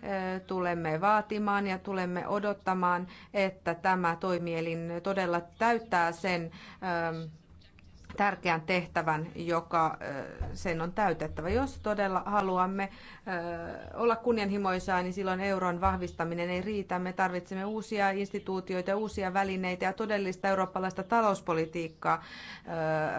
tulemme vaatimaan ja tulemme odottamaan, että tämä toimielin todella täyttää sen tärkeän tehtävän, joka sen on täytettävä. Jos todella haluamme olla kunnianhimoisia, niin silloin euron vahvistaminen ei riitä. Me tarvitsemme uusia instituutioita, uusia välineitä ja todellista eurooppalaista talouspolitiikkaa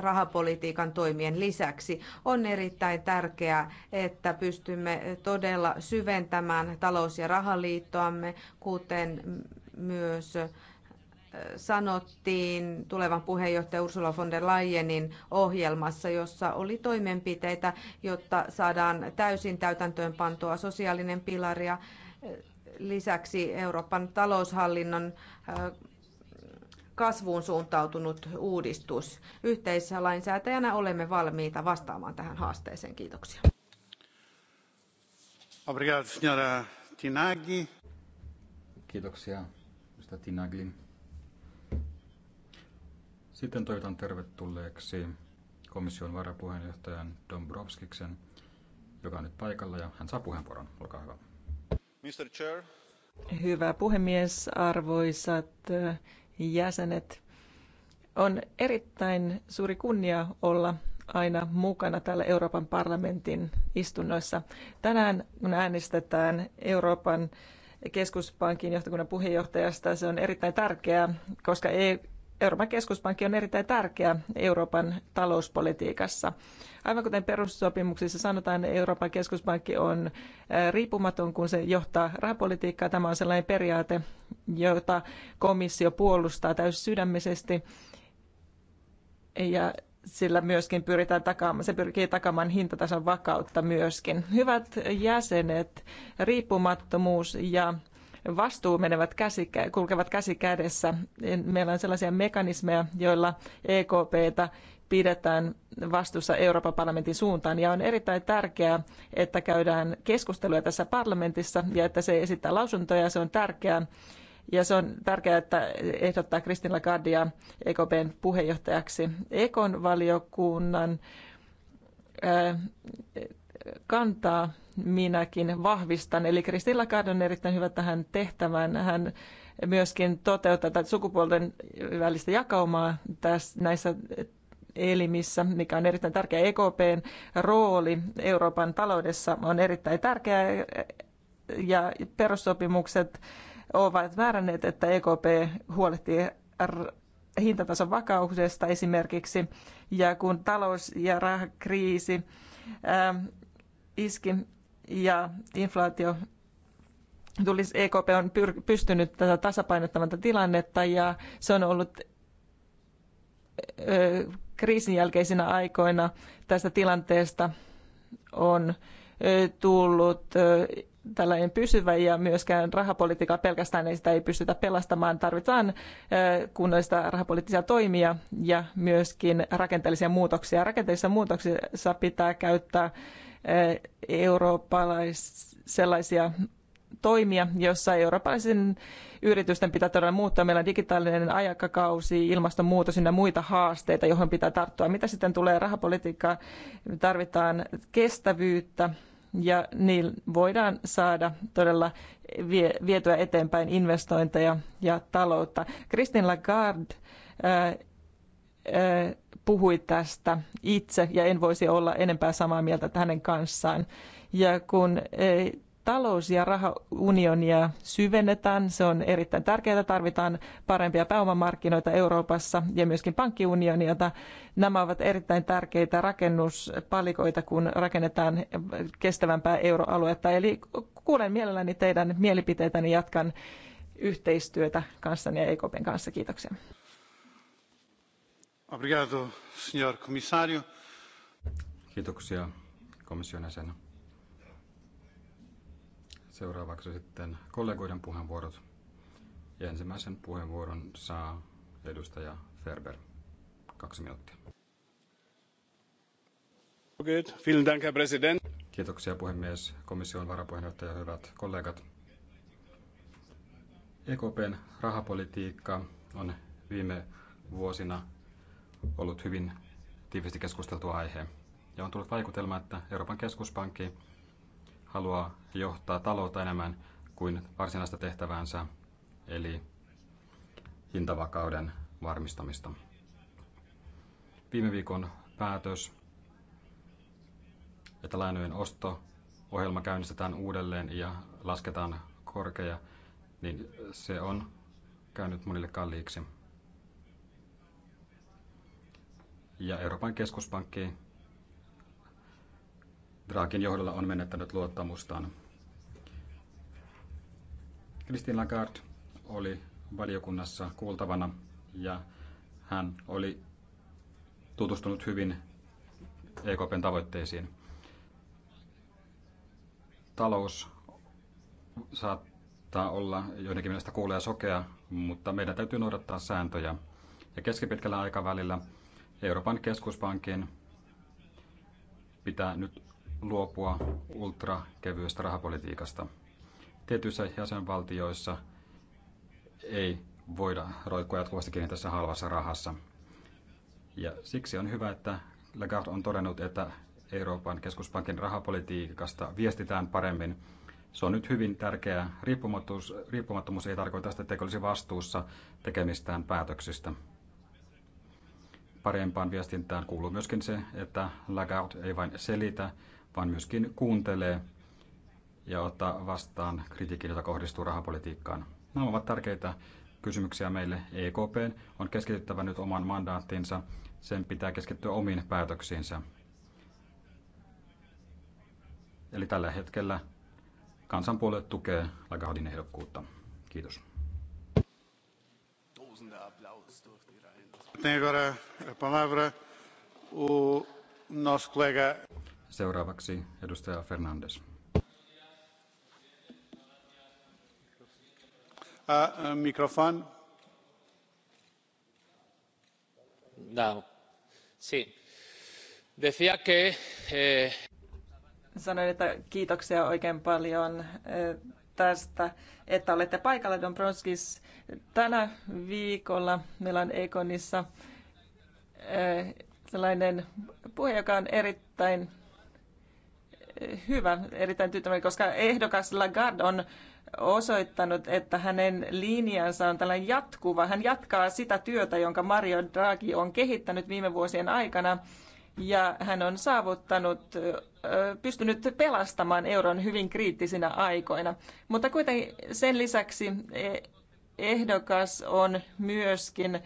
rahapolitiikan toimien lisäksi. On erittäin tärkeää, että pystymme todella syventämään talous- ja rahaliittoamme, kuten myös sanottiin tulevan puheenjohtaja Ursula von der Leyenin ohjelmassa, jossa oli toimenpiteitä, jotta saadaan täysin täytäntöön pantua sosiaalinen pilari ja eh, lisäksi Euroopan taloushallinnon eh, kasvuun suuntautunut uudistus. Yhteislainsäätäjänä olemme valmiita vastaamaan tähän haasteeseen. Kiitoksia. Obrigado, signora Tinagli. Kiitoksia, Mr. Sitten toivotan tervetulleeksi komission varapuheenjohtajan Dombrovskiksen, joka on nyt paikalla ja hän saa puheenvuoron. Olkaa hyvä. Mr. Chair. Hyvä puhemies, arvoisat äh, jäsenet. On erittäin suuri kunnia olla aina mukana täällä Euroopan parlamentin istunnoissa. Tänään kun äänestetään Euroopan keskuspankin johtokunnan puheenjohtajasta, se on erittäin tärkeää, koska e- Euroopan keskuspankki on erittäin tärkeä Euroopan talouspolitiikassa. Aivan kuten perussopimuksissa sanotaan, Euroopan keskuspankki on riippumaton, kun se johtaa rahapolitiikkaa. Tämä on sellainen periaate, jota komissio puolustaa täysin sydämisesti. Ja sillä myöskin pyritään takaamaan, se pyrkii takaamaan hintatason vakautta myöskin. Hyvät jäsenet, riippumattomuus ja vastuu menevät käsi, kulkevat käsi kädessä. Meillä on sellaisia mekanismeja, joilla EKPtä pidetään vastuussa Euroopan parlamentin suuntaan. Ja on erittäin tärkeää, että käydään keskustelua tässä parlamentissa ja että se esittää lausuntoja. Se on tärkeää. Ja se on tärkeää, että ehdottaa Kristin Lagardia EKPn puheenjohtajaksi Ekon valiokunnan kantaa minäkin vahvistan. Eli Kristilla Kard on erittäin hyvä tähän tehtävään. Hän myöskin toteuttaa tätä sukupuolten välistä jakaumaa tässä, näissä elimissä, mikä on erittäin tärkeä EKPn rooli Euroopan taloudessa on erittäin tärkeä ja perussopimukset ovat vääränneet, että EKP huolehtii hintatason vakauksesta esimerkiksi, ja kun talous- ja rahakriisi iski ja inflaatio tulisi, EKP on pyr, pystynyt tätä tasapainottamaan tilannetta ja se on ollut ö, kriisin jälkeisinä aikoina tästä tilanteesta on ö, tullut ö, tällainen pysyvä ja myöskään rahapolitiikka pelkästään ei sitä ei pystytä pelastamaan. Tarvitaan kunnollista rahapoliittisia toimia ja myöskin rakenteellisia muutoksia. Rakenteellisissa muutoksissa pitää käyttää eurooppalais, sellaisia toimia, joissa eurooppalaisen yritysten pitää todella muuttaa. Meillä on digitaalinen ajakakausi, ilmastonmuutos ja muita haasteita, johon pitää tarttua. Mitä sitten tulee rahapolitiikkaan? Tarvitaan kestävyyttä ja niillä voidaan saada todella vie, vietyä eteenpäin investointeja ja taloutta. Christine Lagarde ää, ää, puhui tästä itse ja en voisi olla enempää samaa mieltä hänen kanssaan. Ja kun ei, talous- ja rahaunionia syvennetään, se on erittäin tärkeää, tarvitaan parempia pääomamarkkinoita Euroopassa ja myöskin pankkiunioniota. Nämä ovat erittäin tärkeitä rakennuspalikoita, kun rakennetaan kestävämpää euroaluetta. Eli kuulen mielelläni teidän mielipiteitäni, jatkan yhteistyötä kanssani ja EKPn kanssa. Kiitoksia. Kiitoksia komission jäsen. Seuraavaksi sitten kollegoiden puheenvuorot. Ja ensimmäisen puheenvuoron saa edustaja Ferber. Kaksi minuuttia. Kiitoksia puhemies, komission varapuheenjohtaja, hyvät kollegat. EKPn rahapolitiikka on viime vuosina ollut hyvin tiivisti keskusteltu aihe. Ja on tullut vaikutelma, että Euroopan keskuspankki haluaa johtaa taloutta enemmän kuin varsinaista tehtäväänsä, eli hintavakauden varmistamista. Viime viikon päätös, että lainojen osto-ohjelma käynnistetään uudelleen ja lasketaan korkeja, niin se on käynyt monille kalliiksi. ja Euroopan keskuspankki Draakin johdolla on menettänyt luottamustaan. Christine Lagarde oli valiokunnassa kuultavana ja hän oli tutustunut hyvin EKPn tavoitteisiin. Talous saattaa olla joidenkin mielestä kuulee sokea, mutta meidän täytyy noudattaa sääntöjä. Ja keskipitkällä aikavälillä – Euroopan keskuspankin pitää nyt luopua ultrakevyestä rahapolitiikasta. Tietyissä jäsenvaltioissa ei voida roikkua jatkuvasti kiinni tässä halvassa rahassa. Ja siksi on hyvä, että Lagarde on todennut, että Euroopan keskuspankin rahapolitiikasta viestitään paremmin. Se on nyt hyvin tärkeää. Riippumattomuus, riippumattomuus ei tarkoita sitä, että olisi vastuussa tekemistään päätöksistä parempaan viestintään kuuluu myöskin se, että Lagarde ei vain selitä, vaan myöskin kuuntelee ja ottaa vastaan kritiikin, jota kohdistuu rahapolitiikkaan. Nämä ovat tärkeitä kysymyksiä meille. EKP on keskityttävä nyt oman mandaattinsa. Sen pitää keskittyä omiin päätöksiinsä. Eli tällä hetkellä kansanpuolue tukee Lagardin ehdokkuutta. Kiitos. Seuraavaksi edustaja Fernandes. Ah, eh, Sanoin, että kiitoksia oikein paljon eh, tästä, että olette paikalla Dombrovskis tänä viikolla. Meillä on Ekonissa eh, sellainen puhe, joka on erittäin eh, hyvä, erittäin tyytyväinen, koska ehdokas Lagarde on osoittanut, että hänen linjansa on tällainen jatkuva. Hän jatkaa sitä työtä, jonka Mario Draghi on kehittänyt viime vuosien aikana ja hän on saavuttanut, pystynyt pelastamaan euron hyvin kriittisinä aikoina. Mutta kuitenkin sen lisäksi e, ehdokas on myöskin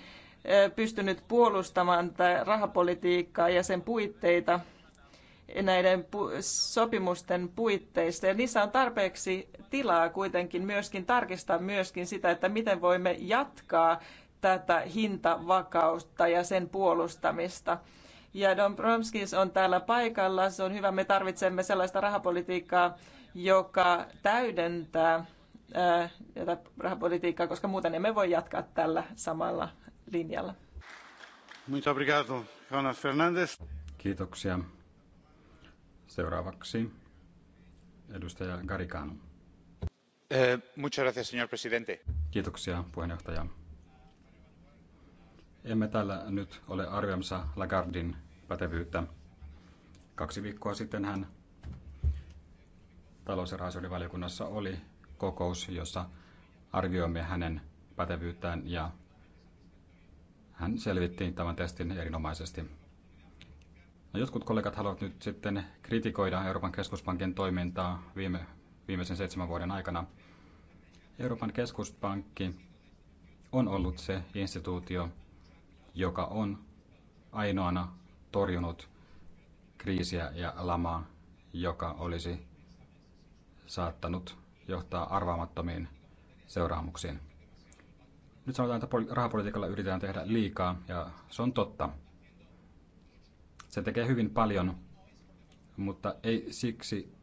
pystynyt puolustamaan tätä rahapolitiikkaa ja sen puitteita näiden sopimusten puitteissa. Ja niissä on tarpeeksi tilaa kuitenkin myöskin tarkistaa myöskin sitä, että miten voimme jatkaa tätä hintavakautta ja sen puolustamista ja Dombromskis on täällä paikalla. Se on hyvä. Me tarvitsemme sellaista rahapolitiikkaa, joka täydentää äh, tätä rahapolitiikkaa, koska muuten emme voi jatkaa tällä samalla linjalla. Muito obrigado, Jonas Fernandes. Kiitoksia. Seuraavaksi edustaja Garicano. Eh, muchas gracias, señor presidente. Kiitoksia, puheenjohtaja. Emme täällä nyt ole arvioimassa Lagardin pätevyyttä. Kaksi viikkoa sitten hän talous- ja valiokunnassa oli kokous, jossa arvioimme hänen pätevyyttään ja hän selvitti tämän testin erinomaisesti. No, jotkut kollegat haluavat nyt sitten kritikoida Euroopan keskuspankin toimintaa viime, viimeisen seitsemän vuoden aikana. Euroopan keskuspankki on ollut se instituutio, joka on ainoana torjunut kriisiä ja lamaa, joka olisi saattanut johtaa arvaamattomiin seuraamuksiin. Nyt sanotaan, että rahapolitiikalla yritetään tehdä liikaa, ja se on totta. Se tekee hyvin paljon, mutta ei siksi,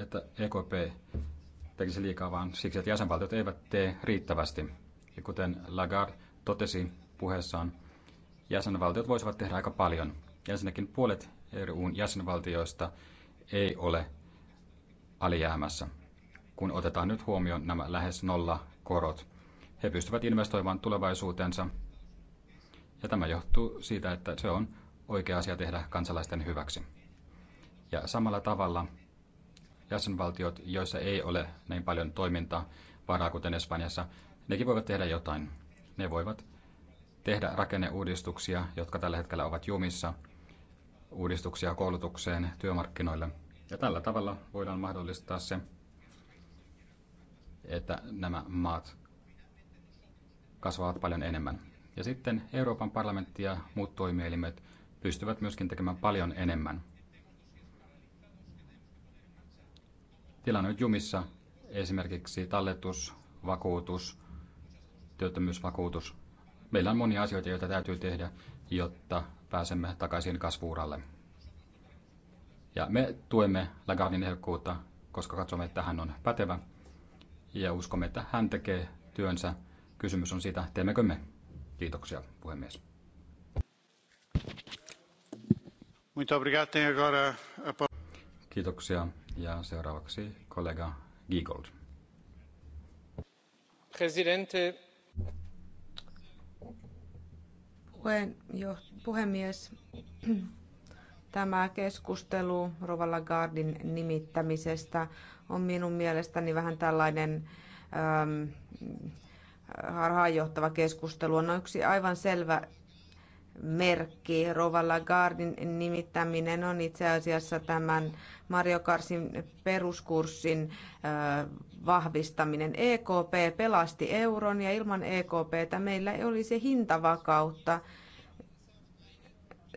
että EKP tekisi liikaa, vaan siksi, että jäsenvaltiot eivät tee riittävästi. Ja kuten Lagarde totesi puheessaan, jäsenvaltiot voisivat tehdä aika paljon. Ensinnäkin puolet EUn jäsenvaltioista ei ole alijäämässä. Kun otetaan nyt huomioon nämä lähes nolla korot, he pystyvät investoimaan tulevaisuutensa. Ja tämä johtuu siitä, että se on oikea asia tehdä kansalaisten hyväksi. Ja samalla tavalla jäsenvaltiot, joissa ei ole niin paljon toimintaa, kuten Espanjassa, nekin voivat tehdä jotain. Ne voivat tehdä rakenneuudistuksia, jotka tällä hetkellä ovat jumissa, uudistuksia koulutukseen, työmarkkinoille. Ja tällä tavalla voidaan mahdollistaa se, että nämä maat kasvavat paljon enemmän. Ja sitten Euroopan parlamentti ja muut toimielimet pystyvät myöskin tekemään paljon enemmän. Tilanne on jumissa, esimerkiksi talletus, vakuutus, työttömyysvakuutus. Meillä on monia asioita, joita täytyy tehdä, jotta pääsemme takaisin kasvuuralle. Ja me tuemme Lagardin ehdokkuutta, koska katsomme, että hän on pätevä ja uskomme, että hän tekee työnsä. Kysymys on siitä, teemmekö me. Kiitoksia, puhemies. Kiitoksia. Ja seuraavaksi kollega Giegold. Presidente, puhemies. Tämä keskustelu Rovalla Gardin nimittämisestä on minun mielestäni vähän tällainen ähm, harhaanjohtava keskustelu. On yksi aivan selvä merkki. rovalla Garden nimittäminen on itse asiassa tämän Mario Karsin peruskurssin vahvistaminen. EKP pelasti euron ja ilman EKPtä meillä ei olisi hintavakautta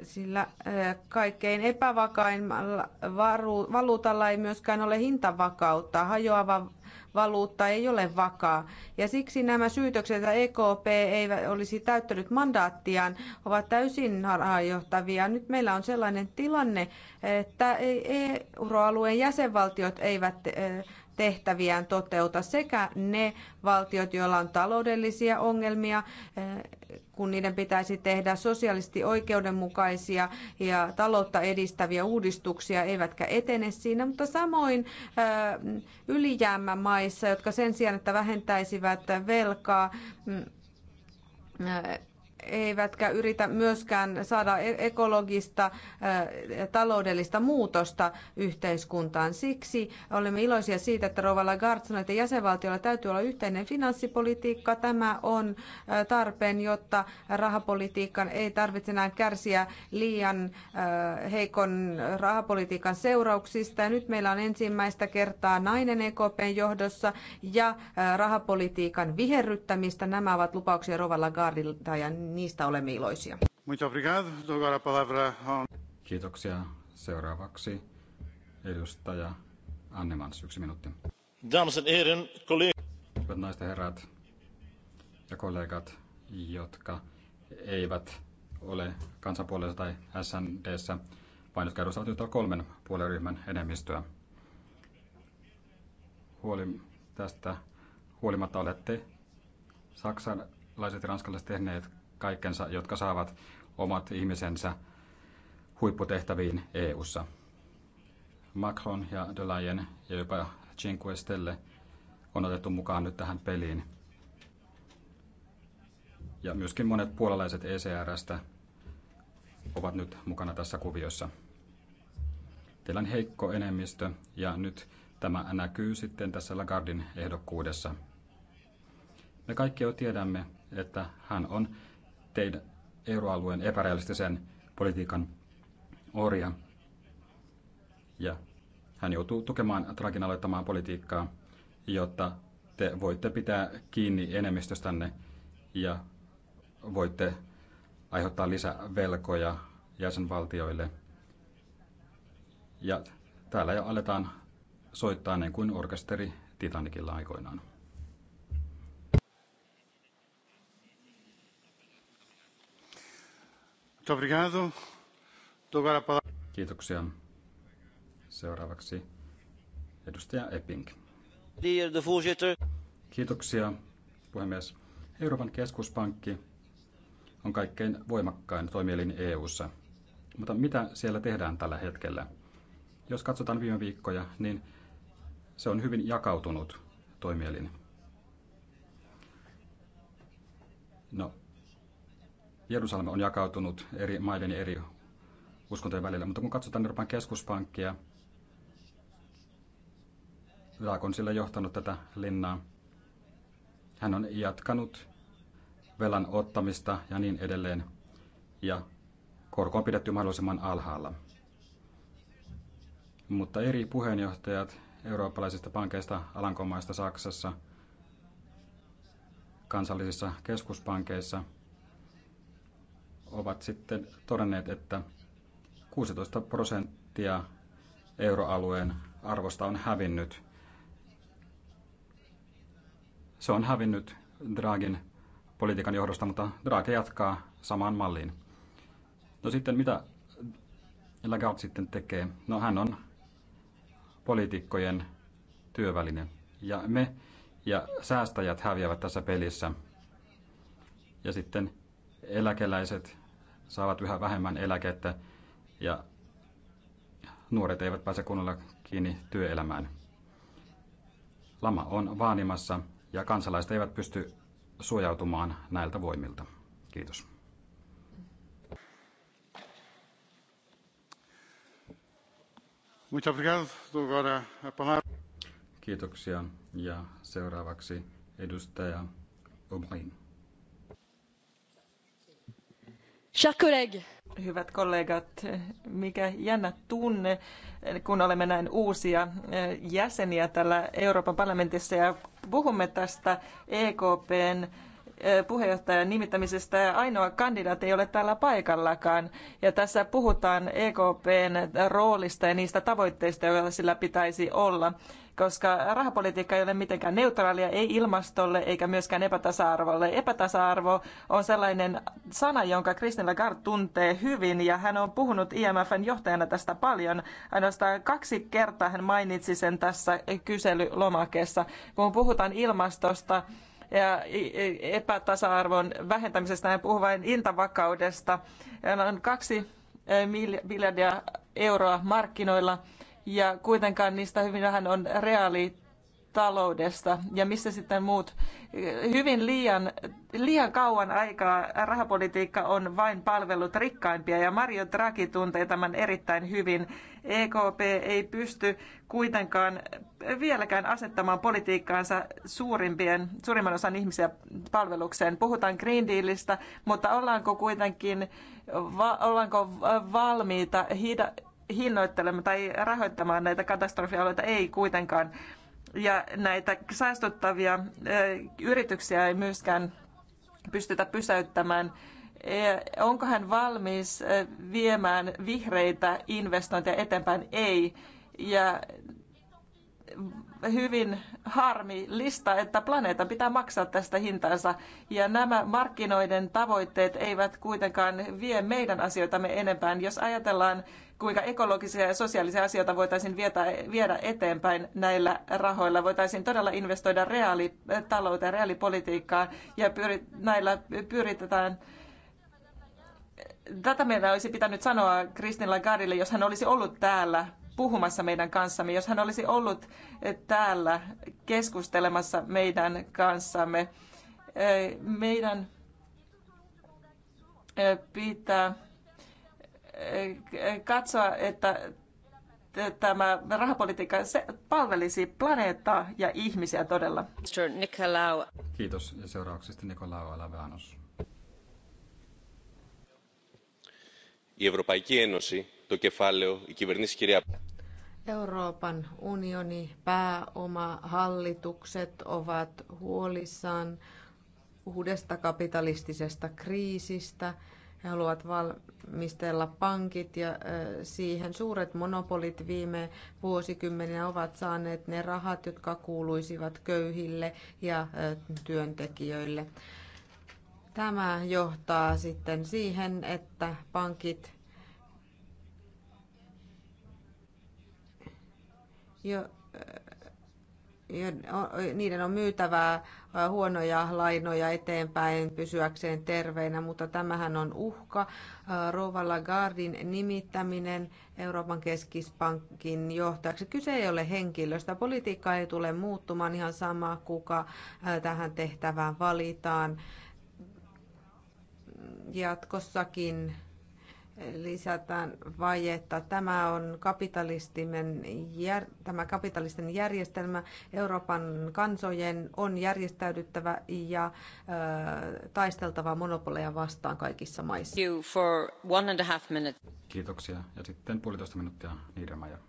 sillä kaikkein epävakaimmalla valuutalla ei myöskään ole hintavakautta. Hajoava valuutta ei ole vakaa. Ja siksi nämä syytökset, että EKP ei olisi täyttänyt mandaattiaan, ovat täysin harhaanjohtavia. Nyt meillä on sellainen tilanne, että euroalueen e jäsenvaltiot eivät eh, tehtäviään toteuta sekä ne valtiot, joilla on taloudellisia ongelmia, eh, kun niiden pitäisi tehdä sosiaalisesti oikeudenmukaisia ja taloutta edistäviä uudistuksia, eivätkä etene siinä, mutta samoin eh, ylijäämämaissa, jotka sen sijaan, että vähentäisivät velkaa, mm, eh, eivätkä yritä myöskään saada e- ekologista ja taloudellista muutosta yhteiskuntaan. Siksi olemme iloisia siitä, että Rova Lagarde sanoi, että jäsenvaltioilla täytyy olla yhteinen finanssipolitiikka. Tämä on tarpeen, jotta rahapolitiikan ei tarvitse enää kärsiä liian heikon rahapolitiikan seurauksista. Ja nyt meillä on ensimmäistä kertaa nainen EKPn johdossa ja rahapolitiikan viherryttämistä. Nämä ovat lupauksia Rova Lagardilta ja niistä olemme iloisia. Kiitoksia. Seuraavaksi edustaja Annemans, yksi minuutti. Hyvät naiset herrat ja kollegat, jotka eivät ole kansanpuolella tai SNDssä, vaan jotka edustavat kolmen puoliryhmän enemmistöä. Huoli tästä huolimatta olette saksalaiset ja ranskalaiset tehneet kaikkensa, jotka saavat omat ihmisensä huipputehtäviin EU:ssa. Macron ja De Leyen ja jopa Cinque Stelle on otettu mukaan nyt tähän peliin. Ja myöskin monet puolalaiset ECRstä ovat nyt mukana tässä kuviossa. Teillä on heikko enemmistö ja nyt tämä näkyy sitten tässä Lagardin ehdokkuudessa. Me kaikki jo tiedämme, että hän on teidän euroalueen epärealistisen politiikan orja. Ja hän joutuu tukemaan Trakin aloittamaan politiikkaa, jotta te voitte pitää kiinni enemmistöstänne ja voitte aiheuttaa lisävelkoja jäsenvaltioille. Ja täällä jo aletaan soittaa niin kuin orkesteri Titanikilla aikoinaan. Kiitoksia. Seuraavaksi edustaja Epping. Kiitoksia, puhemies. Euroopan keskuspankki on kaikkein voimakkain toimielin EU:ssa. Mutta mitä siellä tehdään tällä hetkellä? Jos katsotaan viime viikkoja, niin se on hyvin jakautunut toimielin. No, Jerusalem on jakautunut eri maiden ja eri uskontojen välillä, mutta kun katsotaan Euroopan keskuspankkia, Raak on sillä johtanut tätä linnaa. Hän on jatkanut velan ottamista ja niin edelleen, ja korko on pidetty mahdollisimman alhaalla. Mutta eri puheenjohtajat eurooppalaisista pankeista Alankomaista Saksassa, kansallisissa keskuspankeissa – ovat sitten todenneet, että 16 prosenttia euroalueen arvosta on hävinnyt. Se on hävinnyt Dragin politiikan johdosta, mutta Draghi jatkaa samaan malliin. No sitten mitä Lagarde sitten tekee? No hän on poliitikkojen työväline. Ja me ja säästäjät häviävät tässä pelissä. Ja sitten eläkeläiset saavat yhä vähemmän eläkettä ja nuoret eivät pääse kunnolla kiinni työelämään. Lama on vaanimassa ja kansalaiset eivät pysty suojautumaan näiltä voimilta. Kiitos. Kiitoksia. Ja seuraavaksi edustaja Obrin. Hyvät kollegat, mikä jännä tunne, kun olemme näin uusia eh, jäseniä täällä Euroopan parlamentissa ja puhumme tästä EKPn puheenjohtajan nimittämisestä ja ainoa kandidaatti ei ole täällä paikallakaan. Ja tässä puhutaan EKPn roolista ja niistä tavoitteista, joilla sillä pitäisi olla, koska rahapolitiikka ei ole mitenkään neutraalia, ei ilmastolle eikä myöskään epätasa-arvolle. Epätasa-arvo on sellainen sana, jonka Christine Lagarde tuntee hyvin ja hän on puhunut IMFn johtajana tästä paljon. Ainoastaan kaksi kertaa hän mainitsi sen tässä kyselylomakkeessa. Kun puhutaan ilmastosta, ja epätasa-arvon vähentämisestä. En puhu vain intavakaudesta. On kaksi miljardia euroa markkinoilla ja kuitenkaan niistä hyvin vähän on reaali taloudesta ja missä sitten muut. Hyvin liian, liian kauan aikaa rahapolitiikka on vain palvellut rikkaimpia ja Mario Draghi tuntee tämän erittäin hyvin. EKP ei pysty kuitenkaan vieläkään asettamaan politiikkaansa suurimpien, suurimman osan ihmisiä palvelukseen. Puhutaan Green Dealista, mutta ollaanko kuitenkin va, ollaanko valmiita hida, hinnoittelemaan tai rahoittamaan näitä katastrofialoita? Ei kuitenkaan ja näitä saastuttavia yrityksiä ei myöskään pystytä pysäyttämään. E, onko hän valmis viemään vihreitä investointeja eteenpäin? Ei. Ja hyvin harmillista, että planeetan pitää maksaa tästä hintansa. Ja nämä markkinoiden tavoitteet eivät kuitenkaan vie meidän asioitamme enempään. Jos ajatellaan, kuinka ekologisia ja sosiaalisia asioita voitaisiin vietä, viedä eteenpäin näillä rahoilla, voitaisiin todella investoida reaalitalouteen, reaalipolitiikkaan ja pyri, näillä pyritetään tätä meidän olisi pitänyt sanoa Kristin Lagardille, jos hän olisi ollut täällä puhumassa meidän kanssamme. Jos hän olisi ollut täällä keskustelemassa meidän kanssamme, meidän pitää katsoa, että tämä rahapolitiikka se palvelisi planeettaa ja ihmisiä todella. Mr. Kiitos. Ja seurauksesta Nikolau Alaveanos. Η Ευρωπαϊκή Ένωση, το κεφάλαιο, η κυβερνήση κυρία Euroopan unioni, pääoma, hallitukset ovat huolissaan uudesta kapitalistisesta kriisistä. He haluavat valmistella pankit ja siihen suuret monopolit viime vuosikymmeninä ovat saaneet ne rahat, jotka kuuluisivat köyhille ja työntekijöille. Tämä johtaa sitten siihen, että pankit ja, ja niiden on myytävää huonoja lainoja eteenpäin pysyäkseen terveinä, mutta tämähän on uhka. Rova Lagardin nimittäminen Euroopan keskispankin johtajaksi. Kyse ei ole henkilöstä. Politiikka ei tule muuttumaan ihan sama, kuka tähän tehtävään valitaan. Jatkossakin lisätään vajetta. Tämä on kapitalistimen, jär, tämä kapitalistinen järjestelmä. Euroopan kansojen on järjestäydyttävä ja ö, taisteltava monopoleja vastaan kaikissa maissa. Kiitoksia. Ja sitten puolitoista minuuttia Niedermayer.